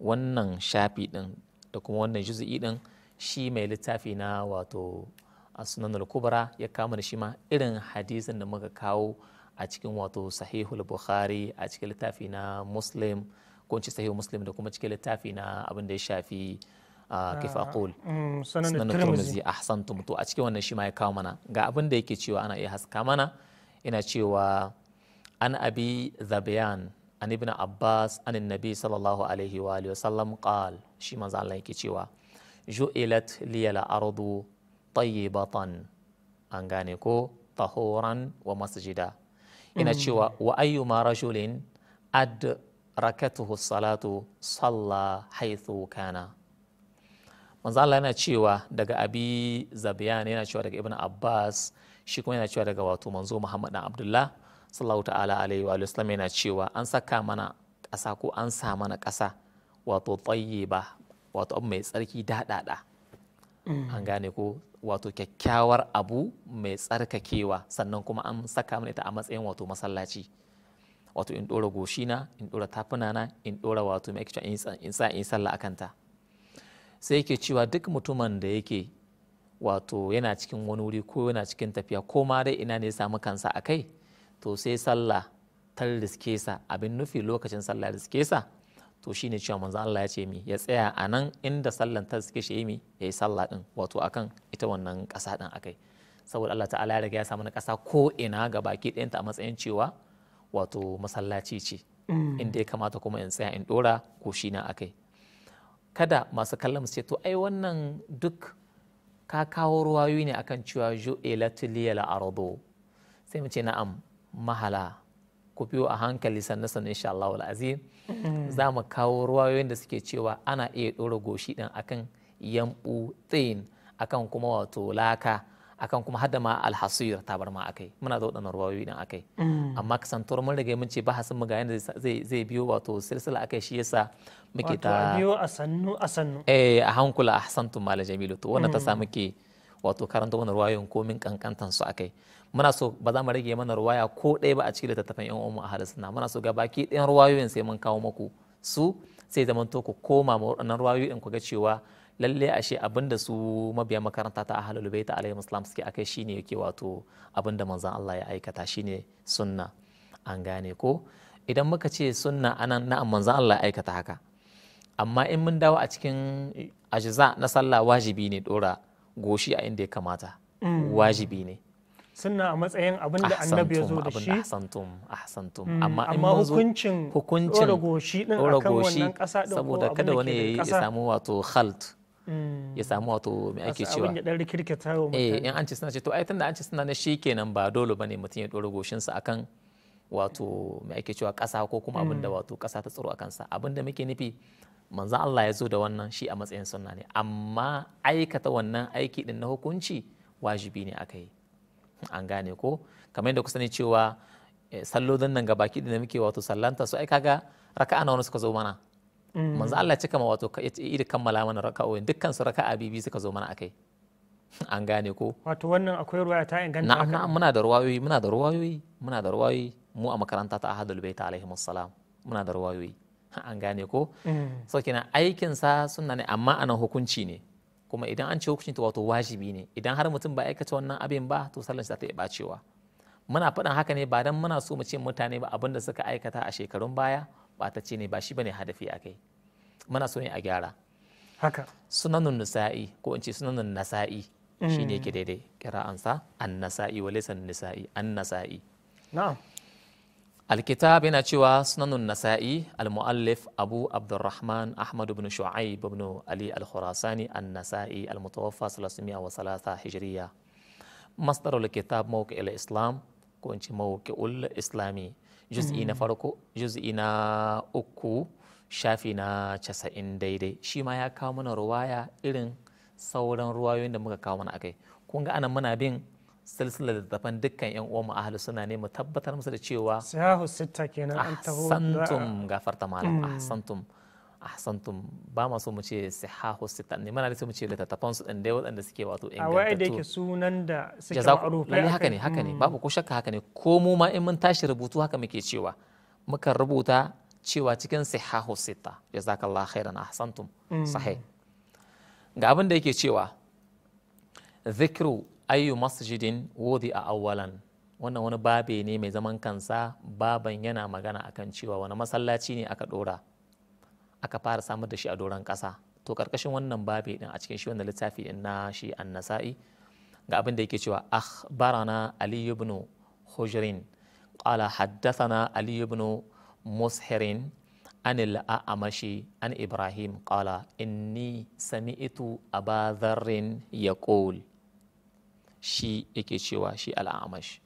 wannan shafi ɗin da kuma wannan juz'i ɗin shi mai littafi na wato sunan kubra ya kama da shi ma irin hadisin da muka kawo a cikin wato sahihul bukhari a cikin littafi na muslim ko ci sahihu muslim da kuma cikin littafi na abin da ya shafi kifa aqul ah, mm, sunan turmizi ahsantum to a cikin wannan shi ma ya kawo mana ga abin da yake cewa ana iya haska mana ina cewa an abi zabiyan an ibn abbas an sallallahu alaihi wa sallam qal shi manzo Allah cewa ju'ilat liyal ardu tayyibatan an gane ko tahuran wa masjida ina cewa wa ayyuma rajulin ad rakatuhu salatu salla haithu kana manzo Allah yana cewa daga abi zabiyan yana cewa daga ibn abbas shi kuma yana cewa daga wato manzo muhammad dan abdullah sallallahu ta'ala alaihi wa sallam yana cewa an saka mana ƙasa ko an sa mana ƙasa wato ba wato abu mai tsarki daɗaɗa an gane ko wato kyakkyawar abu mai tsarkakewa sannan kuma an saka mana ita a matsayin wato masallaci wato in ɗora goshina in ɗora tafunana in ɗora wato mai in sa in sallah a kanta sai yake cewa duk mutumin da yake wato yana cikin wani wuri ko yana cikin tafiya ko ma dai ina ne ya samu kansa a kai to sai sallah ta riske sa abin nufi lokacin sallah riske sa to shine cewa manzo Allah ya ce mi ya tsaya a nan inda sallan ta riske shi mi yayi sallah din wato akan ita wannan kasa din akai saboda Allah ta'ala ya riga ya samu na kasa ko ina ga baki ɗayanta a matsayin cewa wato masallaci ce mm. inda ya kamata kuma in tsaya in dora ko shi na akai kada masu kallon su ce to ai wannan duk ka kawo ruwayoyi ne akan cewa ju'ilatul liyal ardo sai mu ce na'am mahala ku biyo a hankali sannan sannan insha Allah azim mm-hmm. za mu kawo ruwayoyin da suke cewa ana iya ɗora goshi ɗin akan yambu tsayin akan kuma wato laka akan kuma hada ma alhasir tabarma akai muna da waɗannan ruwayoyi ɗin akai mm. amma kasantuwar mun rage mun ce ba hasin mu ga yanda zai biyo wato silsila akai shi yasa muke ta biyo a sannu a sannu eh a hankula ahsantum mala jamilu to wannan ta sa mm. muke wato karanta wannan ruwayoyin komin kankantan su akai muna so ba za mu rage mana ruwaya ko ɗaya ba a cikin littattafan yan a ahlus sunna muna so ga baki ɗayan ruwayoyin sai mun kawo muku su sai zaman to ku koma ma waɗannan ruwayoyin ku ga cewa lalle ashe abin da su mabiya makaranta ta ahlul bait alayhi muslim suke akai shine yake wato abin da manzon Allah ya aikata shine sunna an gane ko idan muka ce sunna anan na manzon Allah ya aikata haka amma in mun dawo a cikin ajiza na sallah wajibi ne dora goshi a inda ya kamata mm. wajibi ne sunna a matsayin abin da annabi ya zo da shi ahsantum ahsantum mm, amma amma hukuncin hukuncin hukuncin goshi din akan wannan kasa din saboda kada wani ya samu wato khalt mm. ya samu wato me ake cewa abin ya dan rikirkita wa eh in an ce suna ce to ai tunda an ce suna na shi kenan ba dole bane mutum ya dora goshin sa akan wato me ake cewa kasa ko kuma abin da mm. wato kasa ta tsaro akan sa abin da muke nufi manzo Allah ya zo da wannan shi a matsayin sunna ne amma aikata wannan aiki din na hukunci wajibi ne akai an gane ko kamar yadda ku sani cewa eh, sallolin nan ga baki da muke wato sallanta su ai kaga raka'a nawa suka zo mana mm. manzo Allah cika ma wato idi kammala mana raka'o'in dukkan su raka'a bibi suka zo mana akai *laughs* an gane ko wato wannan akwai ruwaya ta inganta na'am na'am muna da ruwayoyi muna da ruwayoyi muna da ruwayoyi mu a makaranta ta Ahadul Bait alaihi salam muna da ruwayoyi *laughs* an gane ko mm. so na aikin sa sunna ne amma ana hukunci ne kuma idan an ce hukuncin ta wato wajibi ne idan har mutum ba aikata wannan abin ba to sallar za ta iya bacewa muna faɗin haka ne ba dan muna so mu ce mutane ba abin da suka aikata a shekarun baya ba ta ce ne ba shi bane hadafi a kai muna so ne a gyara haka sunanun nisa'i ko in ce sunanun nasa'i shine mm. yake daidai kira'ansa an nasa'i wa nisa'i an nasa'i na'am alkitab yana cewa sunanun nasa'i al abu abdurrahman ahmad ibn shu'aib ibn ali al-khurasani an-nasa'i al-mutawaffa 303 hijriya masdar al-kitab mawqi' al-islam ko in ce mawqi'ul islami juz'i na mm. farko juz'i na uku shafi na casa'in daidai shi ma ya kawo mana ruwaya irin sauran ruwayoyin da muka kawo mana akai kun ga anan muna bin silsilar littattafan dukkan yan uwa ahli suna ne mu tabbatar musu da cewa sahu sitta kenan an taho ahsantum gafarta malam mm. ahsantum ahsantum ba ma so mu ce Sihahu sitta ne mana da mu ce littattafan su din dai da suke wato ingantattu a wai da yake sunan da suke ma'rufa lalle haka ne haka ne mm. babu ko shakka haka ne ko mu ma in mun tashi rubutu haka muke cewa muka rubuta cewa cikin Sihahu sitta jazakallahu khairan ahsantum mm. sahih ga abin da yake cewa zikru ayyu masjidin wodi a awalan, wannan wani babe ne mai zaman kansa baban yana magana akan cewa wani masallaci ne aka dora aka fara samar da shi a doron kasa to karkashin wannan babe din a cikin shi wannan littafi din na shi annasa'i ga abin da yake cewa akhbarana ali ibn hujrin qala haddathana ali ibn mushirin عن الأعمش عن إبراهيم قال إني سمعت أبا ذر يقول shi yake cewa shi al'amash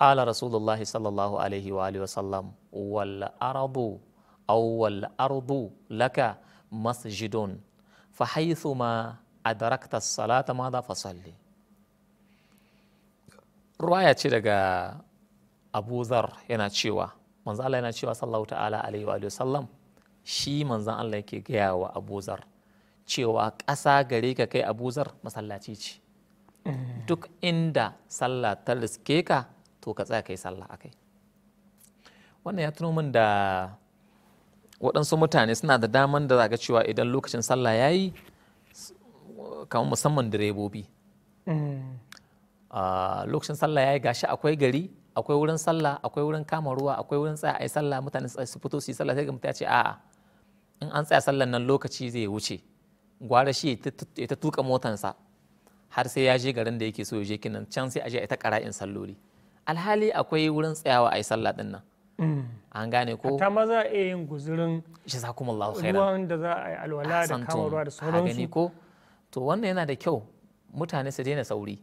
qala rasulullah sallallahu alaihi wa alihi wasallam wal ardu aw wal laka masjidun fa ma adrakta as-salata ma da fasalli ruwaya ce daga Abu Zar yana cewa manzo Allah yana cewa sallallahu ta'ala alaihi wa sallam shi manzon Allah yake gaya wa Abu Zar cewa ƙasa gare ka kai Abu Zar masallaci ce Mm. duk inda sallah ta riske ka to ka tsaya kai sallah akai wannan ya tuno min da waɗansu mutane suna da daman da zaga cewa idan lokacin sallah ya yi kamar musamman direbobi mm. ah, lokacin sallah ya yi gashi akwai gari akwai wurin sallah akwai wurin kama ruwa akwai wurin tsaya a yi sallah mutane su fito su yi sallah sai ga mutum ya ce a'a in an tsaya sallan nan lokaci zai wuce gwara shi ya ta tuka motansa har sai ya je garin da yake so ya je kinan can sai a je a ta ƙara'in salloli alhali akwai wurin tsayawa a yi sallah din nan mm. an gane ko ta maza a yin guzurin jazakumullahu khairan ruwan da za a yi alwala da kama da sauransu gane ko to wannan yana da kyau mutane su daina sauri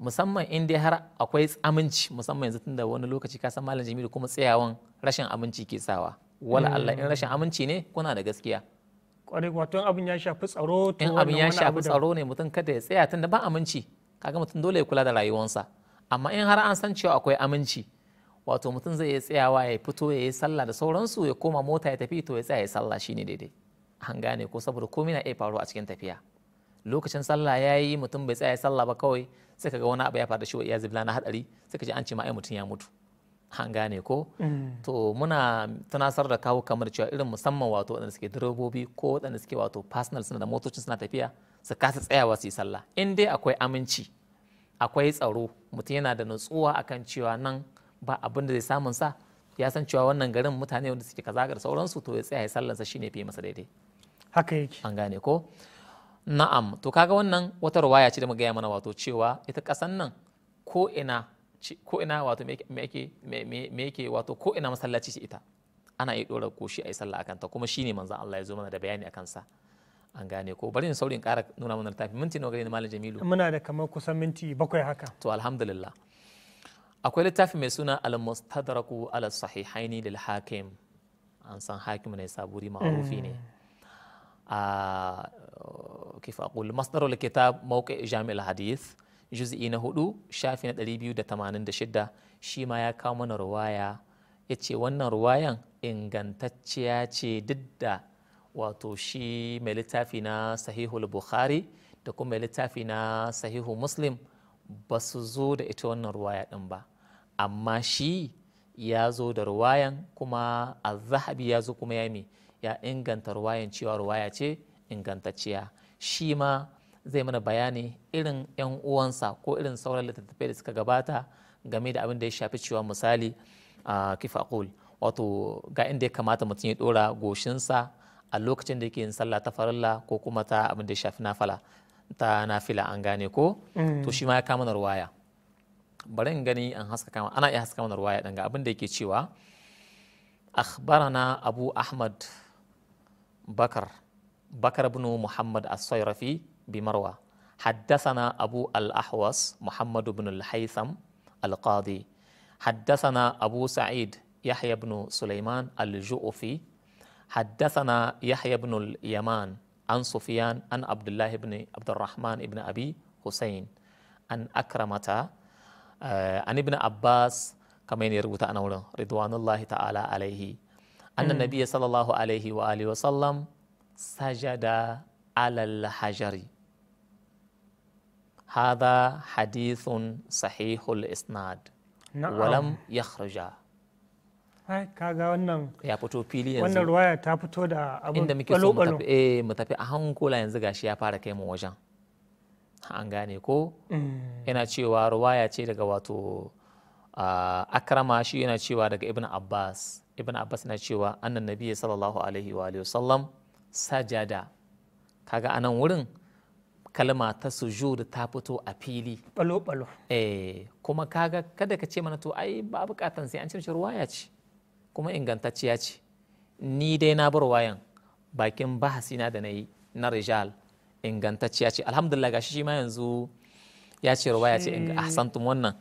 musamman in dai har akwai aminci musamman yanzu tunda wani lokaci ka san malam jamilu kuma tsayawan rashin aminci ke sawa wala mm. Allah in rashin aminci ne kuna da gaskiya kwarai wato tsaro to in abin ya shafi tsaro ne mutum kada ya tsaya tunda ba aminci kaga mutum dole ya kula da rayuwarsa amma in har an san cewa akwai aminci wato mutum zai iya tsayawa ya fito ya yi sallah da sauransu ya koma mota ya tafi to ya tsaya ya sallah shine daidai an gane ko saboda komai na iya faruwa a cikin tafiya lokacin sallah ya yi mutum bai tsaya sallah ba kawai sai kaga wani abu ya faru da shi wa iya zibla na hadari sai ka ji an ce ma ai mutum ya mutu an gane ko mm. to muna tunasar da kawo kamar cewa irin musamman wato waɗanda suke direbobi ko waɗanda suke wato personal suna da motocin suna tafiya su kasa tsayawa su yi sallah in dai akwai aminci akwai tsaro mutum yana da nutsuwa akan cewa nan ba abin da zai samun sa ya san cewa wannan garin mutane wanda suke kaza da sauransu to ya tsaya ya sa shine fi masa daidai haka yake an gane ko na'am to kaga wannan wata ruwaya ce da mu gaya mana wato cewa ita kasan nan ko ina ko ina wato me yake wato ko ina masallaci ita ana yi dora koshi a yi sallah akan ta kuma shine manzon Allah ya zo mana da bayani akan sa an gane ko bari in saurin ƙara nuna mana littafi minti nawa gare ni malam Jamilu muna da kamar kusan minti bakwai haka to alhamdulillah akwai littafi mai suna al-mustadraku ala sahihaini lil hakim an san hakim ne saburi ma'rufi ne mm. a ah, kifa aqul masdarul kitab mawqi jami' al hadith juz'i na hudu shafi na ɗari biyu da 286 shi ma ya kawo mana ruwaya ya ce wannan ruwayan ingantacciya ce duk da wato shi mai littafi na sahihul bukhari da kuma mai littafi na sahihu muslim ba su zo da ita wannan ruwaya din ba amma shi ya zo da ruwayan kuma a zahabi ya zo kuma ya ya inganta ruwayan cewa ruwaya ce ingantacciya shi ma zai mana bayani irin 'yan uwansa ko irin sauran littattafai da suka gabata game da abin da ya shafi cewa misali a kifakul wato ga inda ya kamata mutum ya dora goshinsa a lokacin da yake yin sallah ta farilla ko kuma ta abin da ya shafi nafala ta nafila an gane ko mm. to shi ma ya kama ruwaya bari in gani an haskaka ana iya haskaka mana ruwaya dan ga abin da yake cewa akhbarana abu ahmad bakar bakar ibn muhammad as-sayrafi بمروى حدثنا أبو الأحوص محمد بن الحيثم القاضي حدثنا أبو سعيد يحيى بن سليمان الجؤفي حدثنا يحيى بن اليمان عن سفيان عن عبد الله بن عبد الرحمن بن أبي حسين عن أكرمة آه، عن ابن عباس كما يروي أنا رضوان الله تعالى عليه أن النبي صلى الله عليه وآله وسلم سجد على الحجر هذا حديث صحيح الإسناد ولم يخرج kaga wannan ya fito fili yanzu wannan ruwaya ta fito da abu inda muke so mu tafi eh mu tafi a hankula yanzu gashi ya fara kai mu wajen an gane ko mm. yana cewa ruwaya ce daga wato akrama shi yana cewa daga ibn abbas ibn abbas yana cewa annan nabi sallallahu alaihi wa sallam sajada kaga anan wurin kalma ta sujud ta fito a fili balo balo eh kuma kaga kada ka ce mana to ai ba bukatan sai an cire ruwaya ce kuma ingantacciya ce ni dai na bar wayan bakin na da na yi na rijal ingantacciya ce alhamdulillah gashi shi ma yanzu ya ce ruwaya ce ahsantum wannan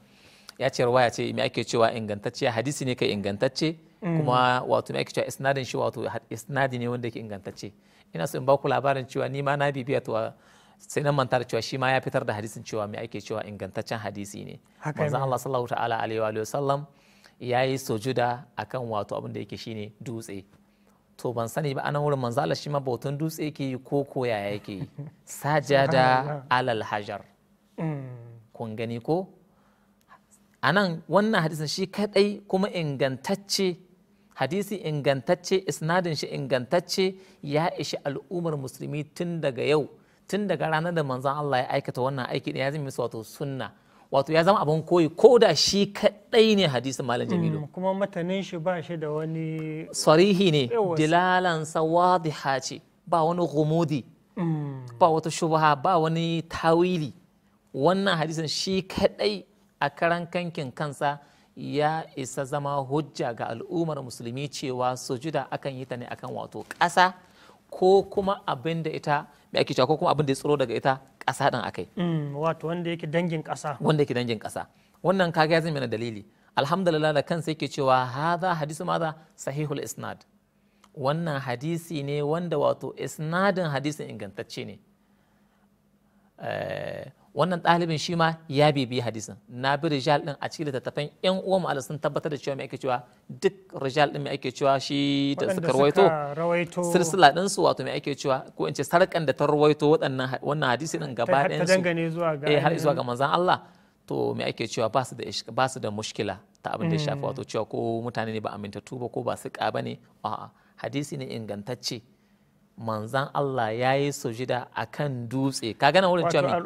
ya ce ruwaya ce me ake cewa ingantacciya hadisi ne kai ingantacce mm. kuma wato me ake cewa isnadin shi wato isnadi ne wanda yake ingantacce ina so in ba ku labarin cewa ni ma na bibiya to sai nan mantar cewa shi ma ya fitar da hadisin cewa mai ake cewa ingantaccen hadisi ne manzon Allah sallallahu ta'ala alaihi wa sallam ya yi sojuda akan wato abin da yake shine dutse to ban sani ba anan wurin manzo Allah shi ma bautan dutse yake yi ko koya yake yi *laughs* sajada alal hajar mm. kun gani ko anan wannan hadisin shi kadai kuma ingantacce hadisi ingantacce isnadin shi ingantacce ya ishi al'ummar musulmi tun daga yau tun daga ranar da manzan Allah ya aikata wannan aiki ya zama su wato sunna wato ya zama abin koyi ko da shi kadai ne hadisin malam jamilu hmm, kuma matanin shi ba shi da wani sarihi ne dilalansa wadiha ce ba wani gumudi hmm. ba wata shubha ba wani tawili wannan hadisin shi kadai a karan kankin kansa ya isa zama hujja ga al'ummar musulmi cewa sujuda akan yi ta ne akan wato ƙasa ko kuma abin da ita me ake cewa ko kuma abin da ya tsoro daga ita ƙasa ɗin akai mm, wato wanda yake dangin ƙasa wanda yake dangin ƙasa wannan kaga ya zama na dalili alhamdulillah da kansa yake cewa haza hadisu maza sahihul isnad wannan hadisi ne wanda wato isnadin hadisin ingantacce ne eh, wannan ɗalibin shi ma ya bibi hadisin na bi rijal ɗin a cikin littattafan yan uwan mu sun tabbatar da cewa mai ake cewa duk rijal din mai ake cewa shi da suka rawaito silsila din su wato mai ake cewa ko in ce sarkan da ta rawaito waɗannan wannan hadisi din gaba ɗayan su eh har zuwa ga manzon Allah to mai ake cewa ba su da ba su da mushkila ta abin da ya shafi mm. wato cewa ko mutane ne ba amintattu ba ko ba su ƙaba ne a'a hadisi ne ingantacce manzan Allah ya yi sujida a kan dutse ka gana wurin cewa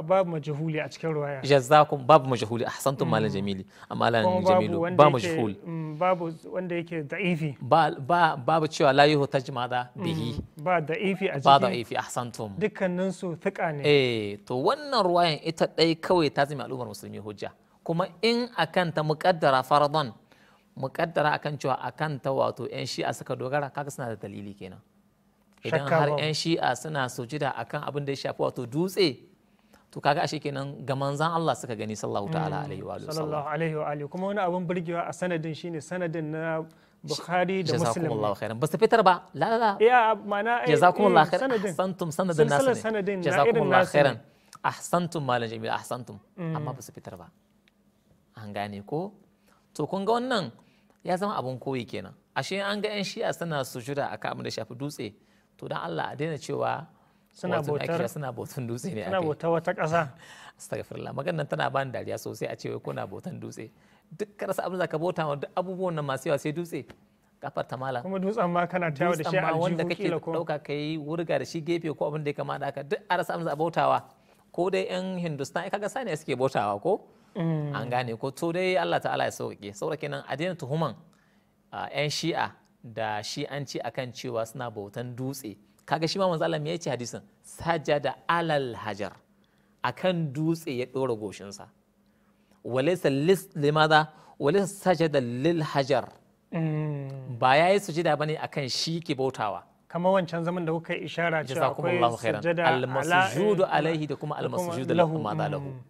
babu majahuli a cikin ruwaya jazakum babu majahuli hasantun mm. malam jamili A malam jamilu babu majahuli mm, babu wanda yake da'ifi babu cewa la yuhu tajma da bihi mm, ba da'ifi a ba da'ifi dukkanin su thiqa ne eh to wannan ruwayan ita dai kawai ta zama al'ummar musulmi hujja kuma in akan ta muqaddara faradan muqaddara akan cewa akan ta wato yan shi'a suka dogara kaga suna da dalili kenan idan har 'yan shi'a suna sujida akan abin da ya shafi wato dutse to kaga ashe kenan ga manzan Allah suka gani sallallahu mm. ta'ala alaihi wa sallallahu alaihi wa alihi kuma wani abin burgewa a sanadin shine sanadin na Bukhari da Muslim jazakumullahu khairan ba su fitar ba la la la ya ma'ana eh, jazakumullahu eh, khairan ahsantum sanadin nasu sanadin jazakumullahu khairan ahsantum malam jamil ahsantum mm. amma ba su fitar ba an gane ko to kun ga wannan ya zama abun koyi kenan ashe an ga yan shi'a suna sujuda akan abin da shafi dutse to don Allah a daina cewa suna bautar suna bautan dutse ne suna bautar wata ƙasa *laughs* astaghfirullah maganar tana ba ni dariya sosai a cewa kuna bautan dutse duk karasa abin zaka bauta wa duk abubuwan nan masu yawa sai dutse kafar ta mala kuma dutsen ma kana tawo da shi a wanda kake dauka kai wurga da shi gefe ko abin da ya kamata haka duk arasa abin za bautawa ko dai yan hindustan kaga sani suke bautawa ko mm. an gane ko to dai Allah ta'ala ya sauke saboda kenan a daina tuhuman yan shi'a da shi an ci akan cewa suna bautan dutse kaga shi ma manzo Allah ya ce hadisin sajada alal hajar akan dutse ya dora goshinsa walaysa lis limaza walaysa sajada lil hajar mm. ba ya yayi sujada bane akan shi ke bautawa kama wancan zaman da kuka ishara ce akwai sujada al-masjudu alaihi da kuma al-masjudu lahu ma lahu mm.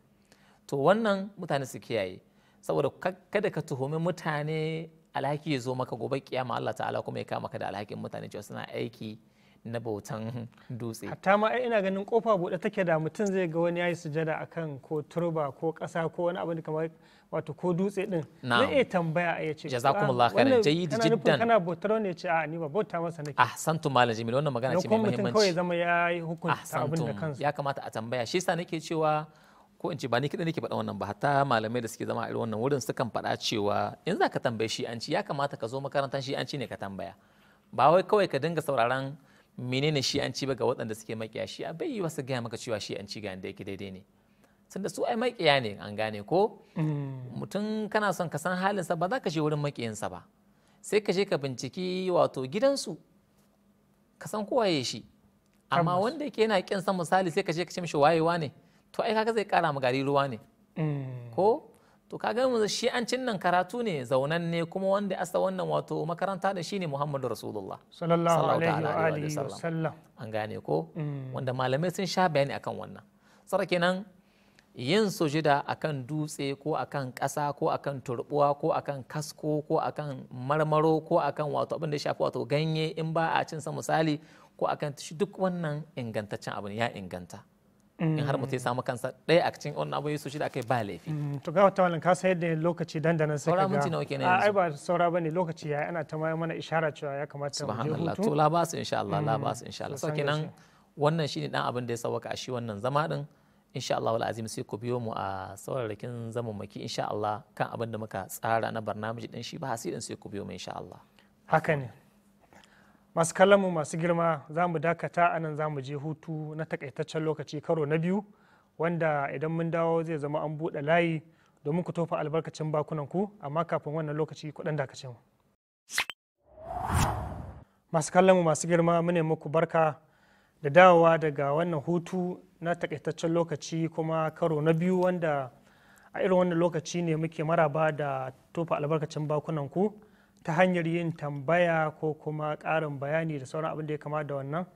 to wannan mutane su kiyaye saboda kada ka tuhumi mutane alhaki ya zo maka gobe kiyama Allah ta'ala kuma ya kama ka da alhakin mutane cewa suna aiki na bautan dutse hatta ma ai ina ganin kofa buɗe take da mutum zai ga wani yayi sujada akan ko turba ko ƙasa ko wani abin kamar wato ko dutse din zai iya tambaya a yace jazakumullahu ah, khairan jayyid jiddan kana bautar ne ce a ah, ni ba bauta masa nake ahsantum malam jimi wannan magana ce mai muhimmanci kuma mutum kawai zama ya hukunta abin da kansa ya kamata a tambaya shi yasa nake cewa ko in ce ba ni kiɗa nake faɗa wannan ba hatta malamai da suke zama a irin wannan wurin sukan faɗa cewa in za ka tambaye shi an ci ya kamata ka zo makarantar shi an ci ne ka tambaya ba wai kawai ka dinga sauraron menene shi an ci ba ga waɗanda suke maƙiya shi a bai yi wasu gaya maka cewa shi an ci ga da yake daidai ne tunda su ai maƙiya ne an gane ko mm. mutum kana son ka san sa ba za ka je wurin sa ba sai ka je ka binciki wato gidansu ka san kowaye shi amma wanda yake yana kin san misali sai ka je ka ce mishi wayewa ne to ai kaga zai kara ma gari ruwa ne mm. ko to kaga mu shi an cin nan karatu ne zaunan ne kuma wanda asa wannan wato makaranta da shine Muhammadu Rasulullah sallallahu alaihi wa alihi wasallam an gane ko mm. wanda malamai sun sha bayani akan wannan sara kenan yin sujida akan dutse ko akan ƙasa ko akan turbuwa ko akan kasko ko akan marmaro ko akan wato abin da ya shafi wato ganye in ba a cin sa misali ko akan duk wannan ingantaccen abu ya inganta in har mm. mutum ya samu kansa ɗaya a cikin wannan abubuwa su shi da aka yi ba laifi. Mm, to ga wata wannan kasa yadda lokaci nan sai ka ga nawa kenan ai ba saura bane lokaci ya ana ta mana ishara cewa ya kamata mu yi hutu to la ba su insha Allah mm, la ba su insha Allah sau kenan wannan shine dan abin da ya sauka a shi wannan zama din insha Allah wal azim sai ku biyo mu a sauraron zaman maki insha Allah kan abin da muka tsara na barnamiji din shi ba hasirin sai ku biyo mu insha Allah haka ne masu kallonmu masu girma za mu dakata anan za mu je hutu na takaitaccen lokaci karo na biyu wanda idan mun dawo zai zama an buɗe layi domin ku tofa albarkacin bakunanku amma kafin wannan lokaci kuɗin dakace mu masu kallonmu masu girma mune muku barka da dawowa daga wannan hutu na takaitaccen lokaci kuma karo na biyu wanda a irin wannan lokaci ne muke maraba da tofa albarkacin bakunanku ta hanyar yin tambaya ko kuma ƙarin bayani da sauran abin da ya kama da wannan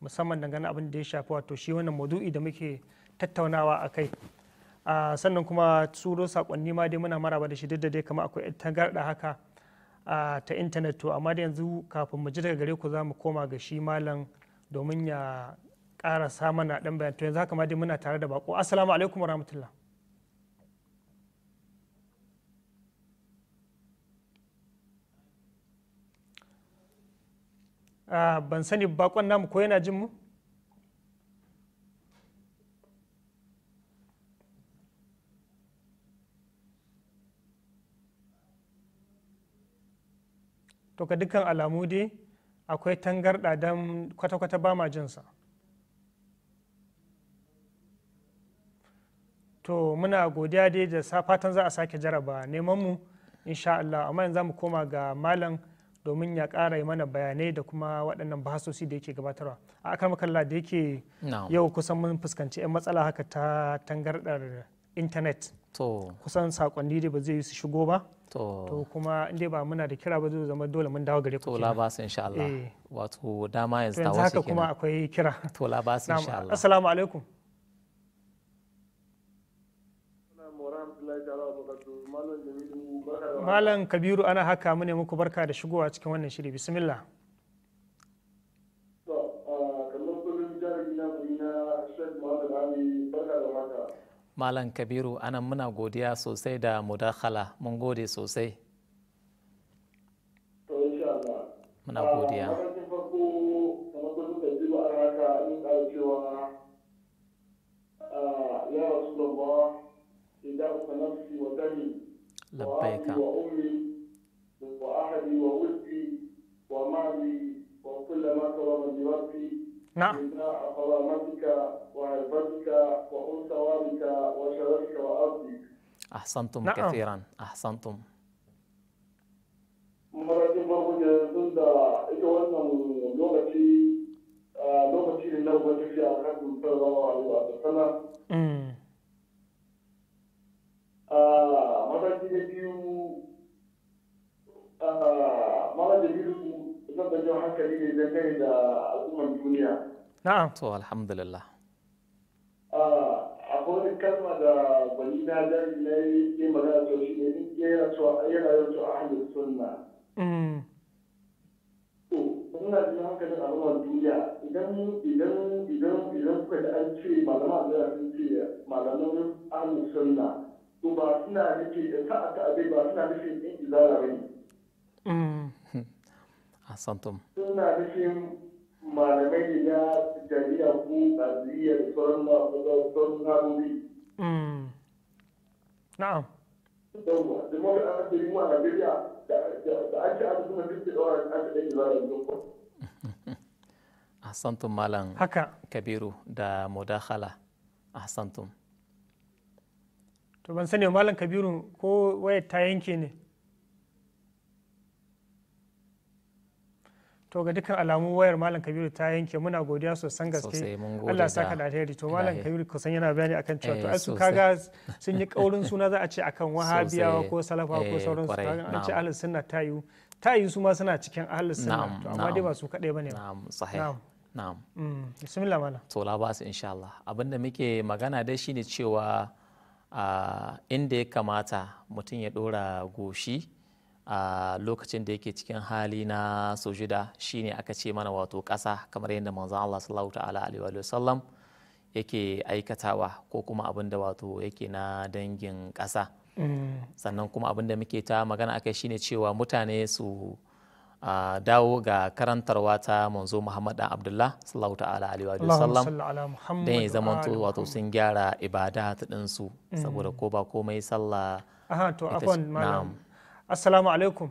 musamman dangane abin da ya shafi wato shi wannan maudu'i da muke tattaunawa a kai sannan kuma tsuro sakonni ma dai muna maraba da shi duk da dai kama akwai tangarɗa haka ta intanet to amma da yanzu kafin mu ji daga gare ku za mu koma ga shi malam domin ya ƙarasa mana ɗan bayan to yanzu haka ma dai muna tare da bako assalamu alaikum warahmatullahi Ah, ban sani bakon namu ko yana jin mu to ka dukkan alamu dai akwai tangarɗa don kwata-kwata ba ma jinsa to muna godiya dai da fatan za a sake jaraba neman mu insha Allah amma yanzu mu koma ga malam domin ya ƙara mana bayanai da kuma waɗannan bahasosi da yake gabatarwa a aka makalla da yake yau kusan mun fuskanci 'yan matsala haka ta tangardar intanet kusan saƙon da ba zai yi su shigo ba to kuma inda ba muna da kira ba zai zama dole mun dawo gare ku ba labas insha Allah eh. wato dama yanzu ta wasu kenan haka kuma akwai kira ba labas insha Allah assalamu alaikum malam kabiru ana haka mu ne muku barka da shigowa cikin wannan shiri bismillah malam kabiru anan muna godiya sosai da mudakhala mun gode sosai muna godiya لبيك وأمي وأهلي وولدي ومالي وكل ما كرم بوقتي نعم كرامتك وعرفتك وأنثى وشرفك وأرضك أحسنتم نعم. كثيرا أحسنتم matakin farko ke sun da ita wannan lokaci lokaci ne mataki na biyu mara da biyu zan da jan hankali ne dangane da al'umman duniya na'am to alhamdulillah akwai wani kalma da bani na dari na yi magana to shi ne duk yana cewa yana yin to ahlus sunna suna jin hankalin al'ummar duniya idan idan idan idan kuka da an ce malama da sun ce malaman ahlus sunna to ba suna nufi da sa'a ta abai ba suna nufin in izala ba ne. Mm. Hmm. Asantum. Suna nufin malamai ne na jami'a ko ƙaziyya da sauran sauran nagobi. Mm. Na'am. Yawwa, da mawar an asiri mu a Najeriya da an ce an suna nufin da wani an ɗin izala da Ahsantum Malam Haka. Kabiru da Mudakhala. Asantum. to ban sani malam kabiru ko wayar ta yanke ne to ga dukkan alamu wayar malam kabiru ta yanke muna godiya sosan gaske Allah saka da alheri to malam kabiru kusan yana bayani akan cewa to eh, su kaga sun yi kaurin suna za a ce akan wahabiyawa ko salafa ko eh, sauransu an ce ahlus sunna ta yi ta yi su ma suna cikin ahlus sunna to amma dai ba su kadai bane na'am sahih na'am mm, bismillah malam to la ba su insha Allah abinda muke magana dai shine cewa a inda ya kamata mutum ya ɗora goshi a lokacin da yake cikin hali na sujuda shine aka ce mana wato ƙasa kamar yadda manzon Allah sallallahu ta'ala alaihi wa sallam yake aikatawa ko kuma abin da wato yake na dangin ƙasa mm. sannan kuma abin da muke ta magana akai shine cewa mutane su a dawo ga karantarwa ta manzo Muhammad dan Abdullah sallallahu ta'ala alaihi wa sallam dan ya zama wato sun gyara ibada ta din su mm. saboda ko ba komai sallah aha to afwan malam assalamu alaikum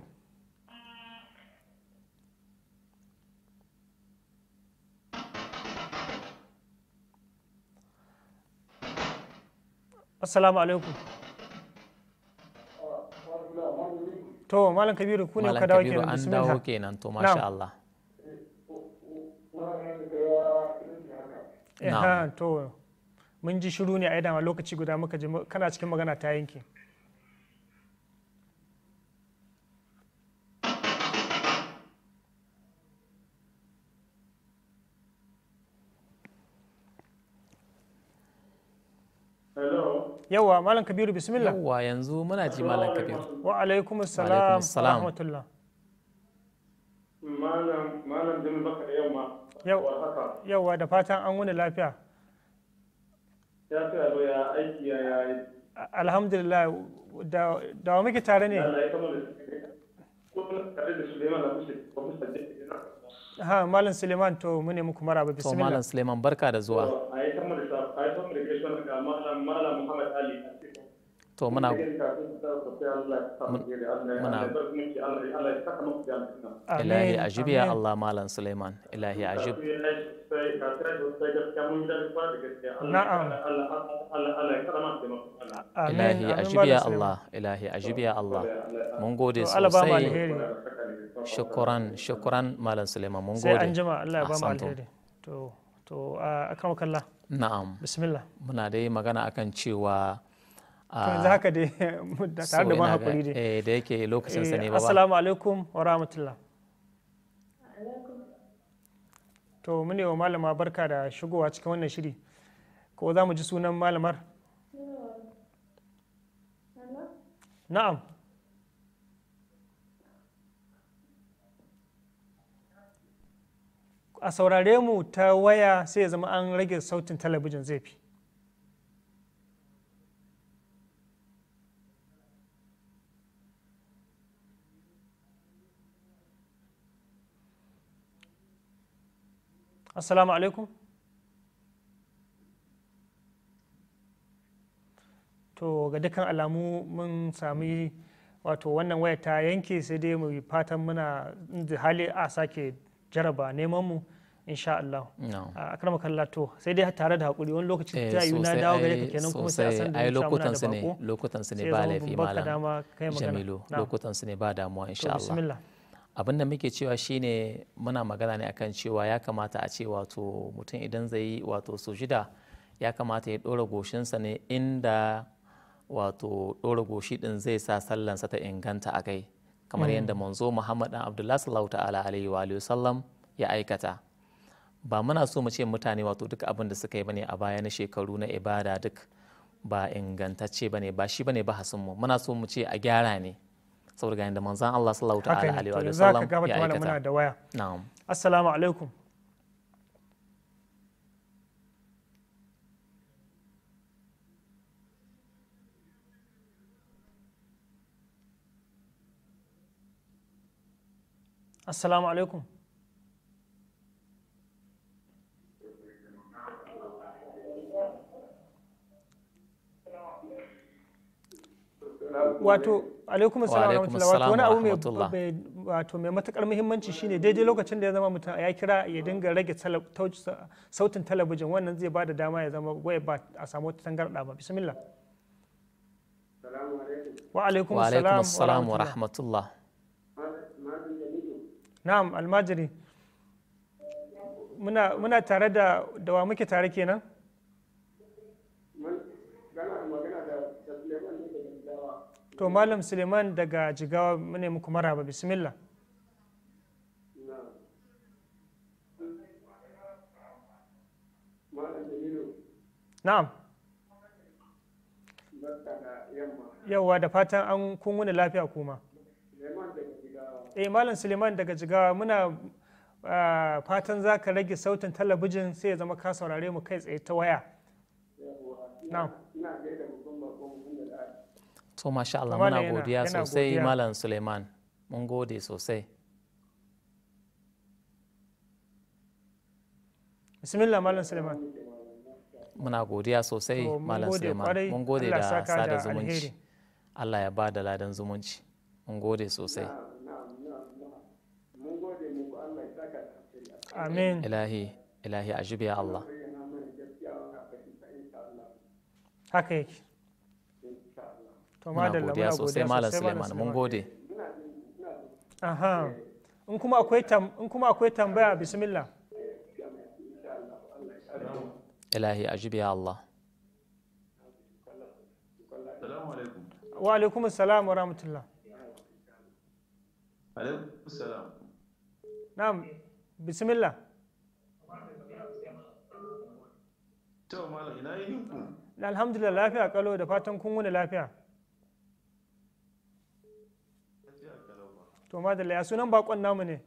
assalamu alaikum to malam kabiru ku ne ka dawo kenan an dawo kenan to masha Allah eh, to mun ji shiru ne a yi dama lokaci guda muka ji kana cikin magana ta yanke yawa malam kabiru bismillah yawa yanzu muna ji malam kabiru wa alaikum assalam rahmatullah malam malam baka da yamma yawa da fatan an wuni lafiya ya fi alo ya aiki ya yayi alhamdulillah da wa muke tare ne ha malam suleiman to mu ne muku maraba bismillah to malam suleiman barka da zuwa kuma da safa ya da gaisuwa ga malam Muhammad Ali a to muna muna ilahi ajib ya Allah malam Suleiman ilahi ajib ilahi ajib ya Allah ilahi ajib ya Allah mun gode sosai shukran shukran malam Suleiman mun gode sai an jima Allah ya ba mu alheri to to akan kallah na'am bismillah muna dai magana akan cewa yanzu ah, haka dai tare da ban hakuri dai eh, da yake lokacin sa ne eh, ba assalamu alaikum wa rahmatullah to mune wa malama barka da shigowa cikin wannan shiri ko za mu ji sunan malamar na'am a saurare mu ta waya sai ya zama an rage sautin talabijin zai fi assalamu alaikum to ga dukkan alamu mun sami wato wannan waya ta yanke sai dai mu fatan muna da hali a sake jaraba neman mu insha Allah ah, akrama kalla to sai dai tare da hakuri wani lokaci ta eh, yi na dawo gare ka kenan kuma sai a san da ai lokutan su ne lokutan su ne ba laifi malam Jamilu lokutan su ne ba damuwa insha Allah abin da muke cewa shine muna magana ne akan cewa ya kamata a ce wato mutum idan zai yi wato sujida ya kamata ya ɗora goshinsa ne inda wato ɗora goshi din zai sa sallansa ta inganta a kai kamar mm. yadda manzo muhammad dan abdullahi sallallahu ta'ala alaihi wa sallam ya aikata ba muna so mu ce mutane wato duk abin da suka yi bane a baya na shekaru na ibada duk ba ingantacce bane ba shi bane bahasin mu muna so mu ce a gyara ne saboda ga yanda manzon Allah sallallahu ta'ala alaihi wa sallam ya aikata muna da waya na'am assalamu alaikum assalamu alaikum wato alaikum assalam wato wani abu mai wato mai matakar muhimmanci shine daidai lokacin da ya zama mutum ya kira ya dinga rage sautin talabijin wannan zai bada dama ya zama waya ba a samu wata tangarda ba bismillah wa alaikum salam wa rahmatullah na'am almajiri muna tare da da wa muke tare kenan to malam suleiman daga jigawa mune muku maraba bismillah na'am yauwa da fatan an kun wuni lafiya kuma eh malam suleiman daga jigawa muna ah, fatan za ka rage sautin talabijin sai ya zama ka saurare mu kai tsaye ta waya na'am so masha Allah muna godiya sosai malam suleiman mun gode sosai bismillah malam suleiman muna godiya sosai malam suleiman mun gode da sada zumunci Allah ya ba da ladan zumunci mun gode sosai amin ilahi ilahi ajibi Allah haka yake muna godiya sosai malam suleiman mun gode aha in kuma akwai in kuma akwai tambaya bismillah ilahi ajibi ya allah wa alaikum assalam wa rahmatullah alaikum assalam na'am bismillah to malam ina yinku alhamdulillah lafiya kalo da fatan kun wuni lafiya to madalla ya sunan bakon namu ne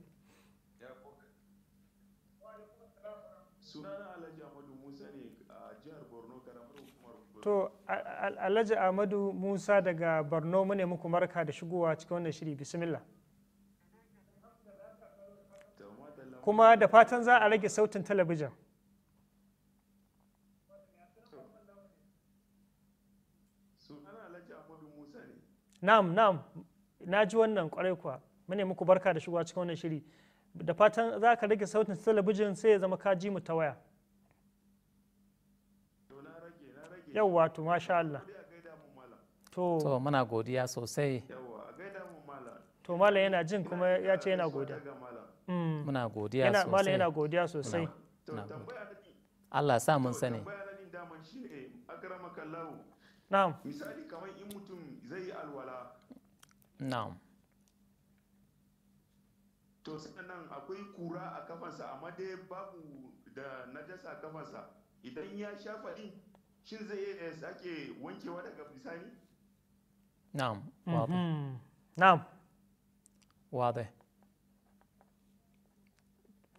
to alhaji Amadu musa daga borno mu ne muku marka da shigowa cikin wannan shiri bismillah kuma da fatan za a rage sautin talabijin na'am na'am na ji wannan kwarai kuwa mune muku barka da shigowa cikin wannan shiri da fatan za ka rage sautin talabijin sai ya zama ka ji mu ta waya yawwa to masha Allah to muna godiya sosai to malam yana jin kuma ya ce yana godiya mm. muna godiya sosai malam yana godiya sosai Allah sa mun sani na'am misali kamar in mutum zai yi alwala na'am to mm. sannan akwai kura a kafansa amma dai babu da najasa a kafansa idan ya shafa din shin zai iya sake wankewa daga bisani na'am mm-hmm. wade na'am wade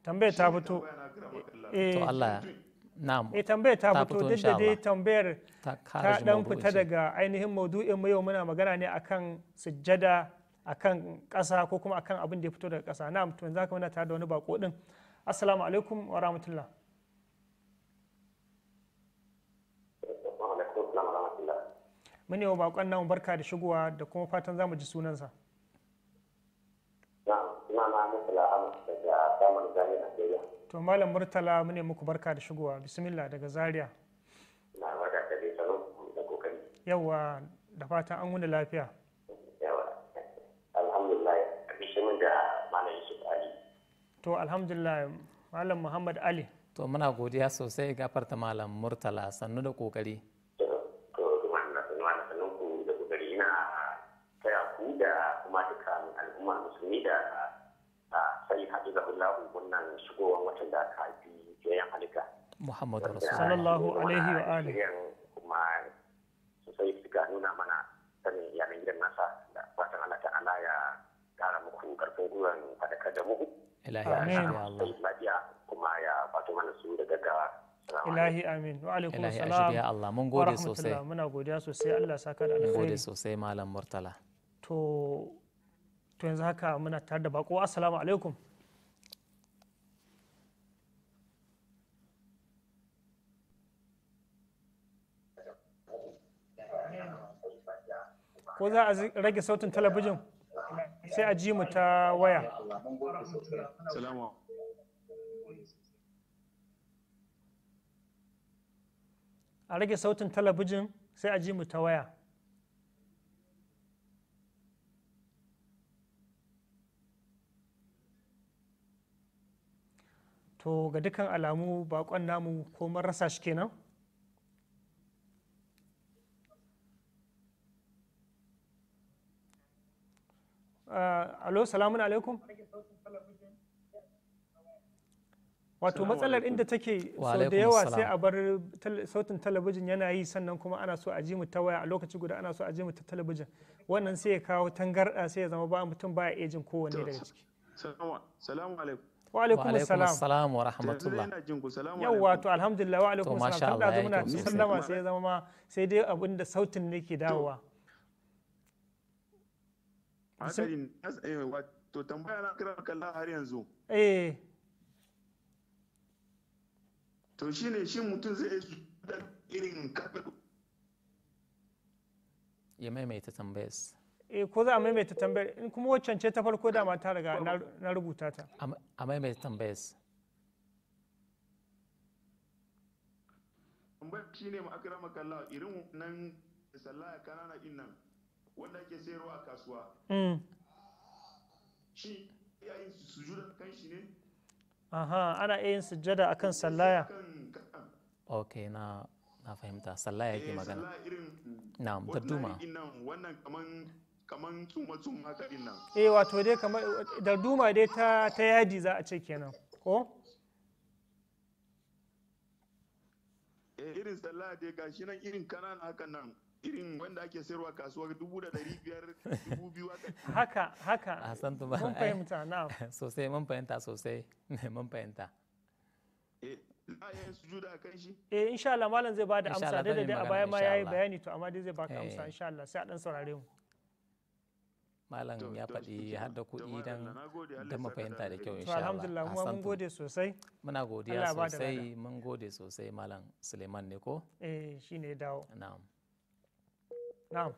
tambayar ta fito eh, to Allah na'am eh tambayar ta fito duk da dai tambayar ta dan fita daga ainihin maudu'in mu yau muna magana ne akan sujjada akan ƙasa ko kuma akan abin da ya fito daga ƙasa na mutum zaka muna tare da wani bako din assalamu alaikum wa rahmatullah mune wa bakon nan barka da shigowa da kuma fatan zamu ji sunansa to malam murtala mune muku barka da shigowa bismillah daga zaria na da yawa da fatan an wuni lafiya to alhamdulillah malam muhammad ali to muna godiya sosai gafarta malam murtala sannu da kokari da kuma dukkan al'ummar musulmi da sai haɗu da hulahu wannan shigowar watan da aka haifi yayin halitta. Muhammadu Rasulullah. Sallallahu alaihi wa alihi. Kuma sosai suka nuna mana sanin iyalan gidan nasa da fatan Allah ta'ala ya ƙara muku ƙarfin gwiwan faɗakar da mu. ilahi amin ilahi amin wa alaikum Allah mun gode sosai muna godiya sosai Allah saka da alheri mun gode sosai malam murtala to to yanzu haka muna tare da bako assalamu alaikum ko za a rage sautin talabijin sai a ji mu ta waya a rage sautin talabijin sai a ji mu ta waya to ga dukan alamu bakon namu ko marasa rasa shi kenan Uh, alo salamun alaikum wato matsalar inda take sau da yawa sai a bar sautin talabijin yana yi sannan kuma ana so a ji mu ta waya a lokaci guda ana so a ji mu ta talabijin wannan sai ya kawo tangarɗa sai ya zama ba mutum ba ya jin kowanne daga ciki salamu alaikum wa alaikum assalam wa rahmatullah yawa to alhamdulillah wa alaikum assalam tunda zama sallama sai ya zama ma sai dai abinda sautin ne ke dawowa hakarin eh, wato tambaya na kira kalla har yanzu eh to shine shi mutum zai da irin kafa ya maimaita tambayar eh ko za a maimaita tambayar in kuma waccan ce ta farko da ta riga na rubuta ta a maimaita tambayar tambayar shine ma akramaka Allah irin nan sallaya kanana din nan wanda ake sayarwa a kasuwa mm. shi ya yi sujuda a kan shi ne aha ana iya yin sujada a kan sallaya ok na na fahimta sallaya ke eh, magana na ta duma wannan kaman kaman tsuma tsuma haka din nan eh wato dai kamar da duma dai ta ta yadi za a ce kenan ko eh, irin sallaya dai gashi nan irin kanan hakan nan irin wanda ake sayarwa kasuwa dubu da dari biyar dubu biyu haka haka a san tuma mun fahimta na *laughs* sosai mun fahimta sosai *laughs* mun fahimta eh za su juda kan shi eh insha Allah malam zai bada amsa da da a baya ma yayi bayani to amma dai zai baka eh. amsa insha Allah sai a dan saurare mu malam ya faɗi har da kuɗi don da fahimta da kyau insha Allah. mun gode sosai. Muna godiya sosai mun gode sosai malam Suleiman ne ko? Eh shine dawo. Na'am. na'am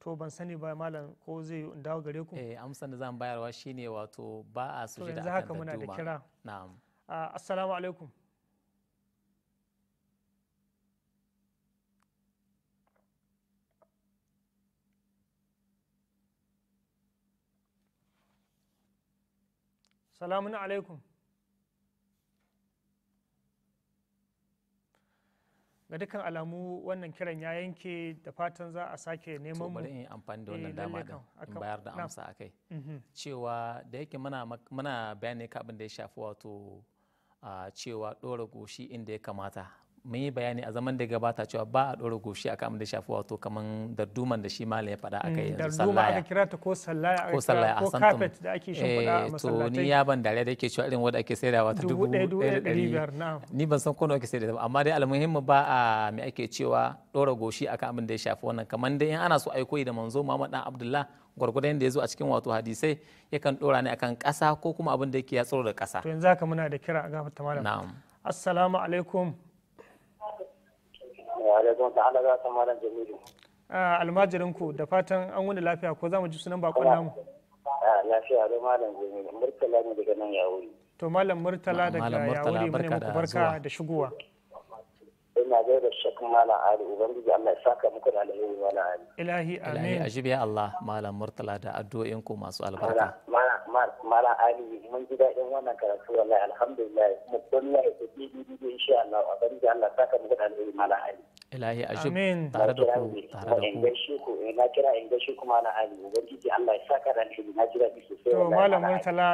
to ban sani ba malam ko zai in dawo gare ku eh amsan da zan bayarwa shine wato ba a da akan haka muna da kira na'am ah, assalamu alaikum salamun alaikum ga dukkan alamu wannan kiran ya yanke da fatan za a sake neman mu yi amfani da wannan eh, dama din in bayar da amsa kai mhm. cewa da yake muna muna bayani ka da ya shafi wato ah, cewa ɗora goshi inda ya kamata mun yi bayani a zaman da gabata cewa ba a ɗora goshi akan abin da shafi wato kaman darduman da shi malam ya faɗa akai mm, yanzu sallaya aka kira ta ko sallaya ko sallaya a san carpet da ake shimfiɗa a masallatai eh, to ni ya ban dare da yake cewa irin wanda ake saidawa wata dubu ɗaya biyar ni ban san ko nawa ake saidawa amma dai almuhimmi ba a me ake cewa ɗora goshi akan abin da ya shafi wannan kaman dai in ana so a yi koyi da manzo Muhammad dan Abdullah gwargwadon da ya zo a cikin wato hadisai yakan ɗora ne akan ƙasa ko kuma abin da yake ya tsoro da ƙasa to yanzu haka muna da kira a gafa malam na'am assalamu alaikum alaikum ta'ala za ta malam jamilu almajirin ku da fatan an wani lafiya ko za mu ji sunan bakon namu lafiya da malam jamilu murtala ne daga nan yawuri to malam murtala daga yawuri mune muku barka da shigowa ina ga da shakku malam ali ubangiji Allah ya saka muku da alheri malam ali ilahi amin ajibi ya Allah malam murtala da addu'o'in ku masu albarka malam ali mun ji daɗin wannan karatu wallahi alhamdulillah mu kullaye da bibi insha Allah ubangiji Allah ya saka muku da alheri malam ali ilahi ajib tare da ku tare da ku eh, na kira in gaishe kuma na ali ubangiji Allah ya saka ran shi na kira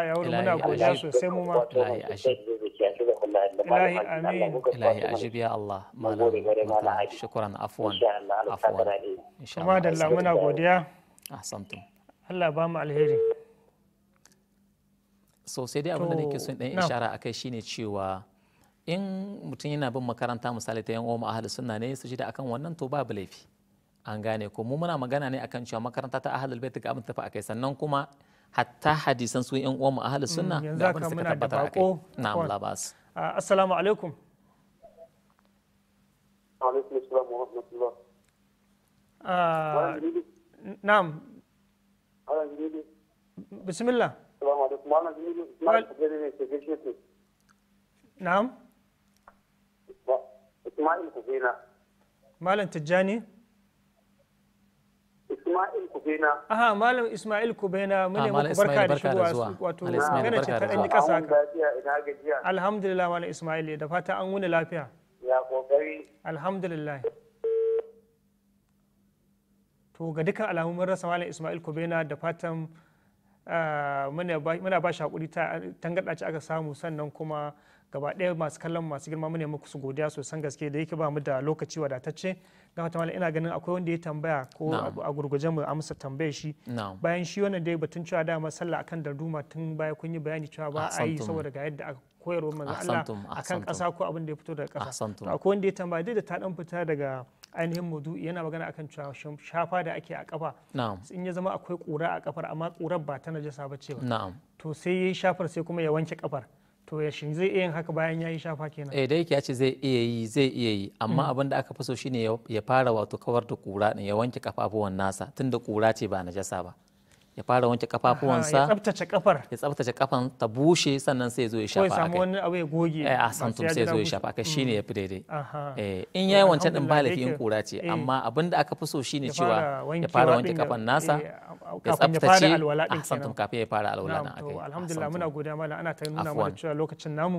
sosai to ya wuri muna godiya sosai mu ma ilahi ilahi amin ilahi ya Allah malam murtala shukran afwan afwan insha Allah muna godiya ahsantum Allah ba mu alheri so sai dai abin da nake son dan ishara akai shine cewa in mutum yana bin makaranta misali ta yan uwa ahli sunna ne su shida akan wannan to babu laifi an gane ko mu muna magana ne akan cewa makaranta ta ahlul bait ga abin tafi akai sannan kuma hatta hadisan su yan uwa mu ahlus mm, sunna da abin suka tabbatar akai na'am labas ah, assalamu alaikum ah, na'am bismillah na'am Ismail Malam Tijjani? Ismail Malam Ismail Kubena mu ne ah, muku barka da shigowa wato magana ce ta ɗanyi ƙasa haka. Alhamdulillah Malam Ismail da fata an wuni lafiya. Ya To ga dukkan alamun mun rasa Malam Ismail Kubena da fatan ah, muna ba shi hakuri ta tangaɗa aka samu sannan kuma gaba ɗaya masu kallon masu girma mu ne muku su godiya sosan gaske da yake ba mu da lokaci wadatacce ga wata ina ganin akwai wanda ya tambaya ko a gurguje mu amsa tambaye shi bayan shi wannan dai batun cewa dama sallah akan darduma tun baya kun yi bayani cewa ba a yi saboda ga yadda aka koyarwa manzo Allah akan ƙasa ko abin da ya fito daga ƙasa akwai wanda ya tambaya dai da ta dan fita daga ainihin mudu yana magana akan cewa shafa da ake a kafa in ya zama akwai kura a kafar amma kurar ba ta najasa ba ce ba to sai ya shafar sai kuma ya wanke kafar to ya shi zai iya yin haka bayan ya yi shafa kenan eh da ya ce zai iya yi zai iya yi amma abin da aka fi so shine ya fara wato kawar da kura ne ya wanke kafafuwan nasa tunda kura ce ba najasa ba ya fara wanke kafafuwansa ya tsabtace kafar ya tsabtace kafan ta bushe sannan sai zo ya shafa akai samu wani abu ya goge eh a santum sai zo ya shafa akai shine yafi daidai mm, eh in yayi wancan din ba laifi in kura ce eh. amma abinda aka fi so shine cewa ya fara wanke kafan nasa eh, ya tsabtace a santum kafin ya fara alwala din akai ah, alhamdulillah muna godiya mallam ana ta nuna mana cewa lokacin namu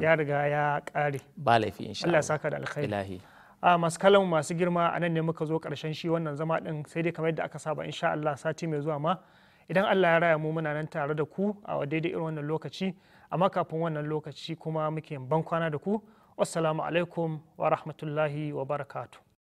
ya riga ya kare ba laifi insha Allah Allah saka da alkhairi ilahi a masu kalan masu girma a nan ne muka zo karshen shi wannan zama din sai dai kamar yadda aka saba insha Allah sati mai zuwa ma idan Allah ya raya mu muna nan tare da ku a daidai irin wannan lokaci amma kafin wannan lokaci kuma muke ban kwana da ku assalamu alaikum wa rahmatullahi wa barakatuh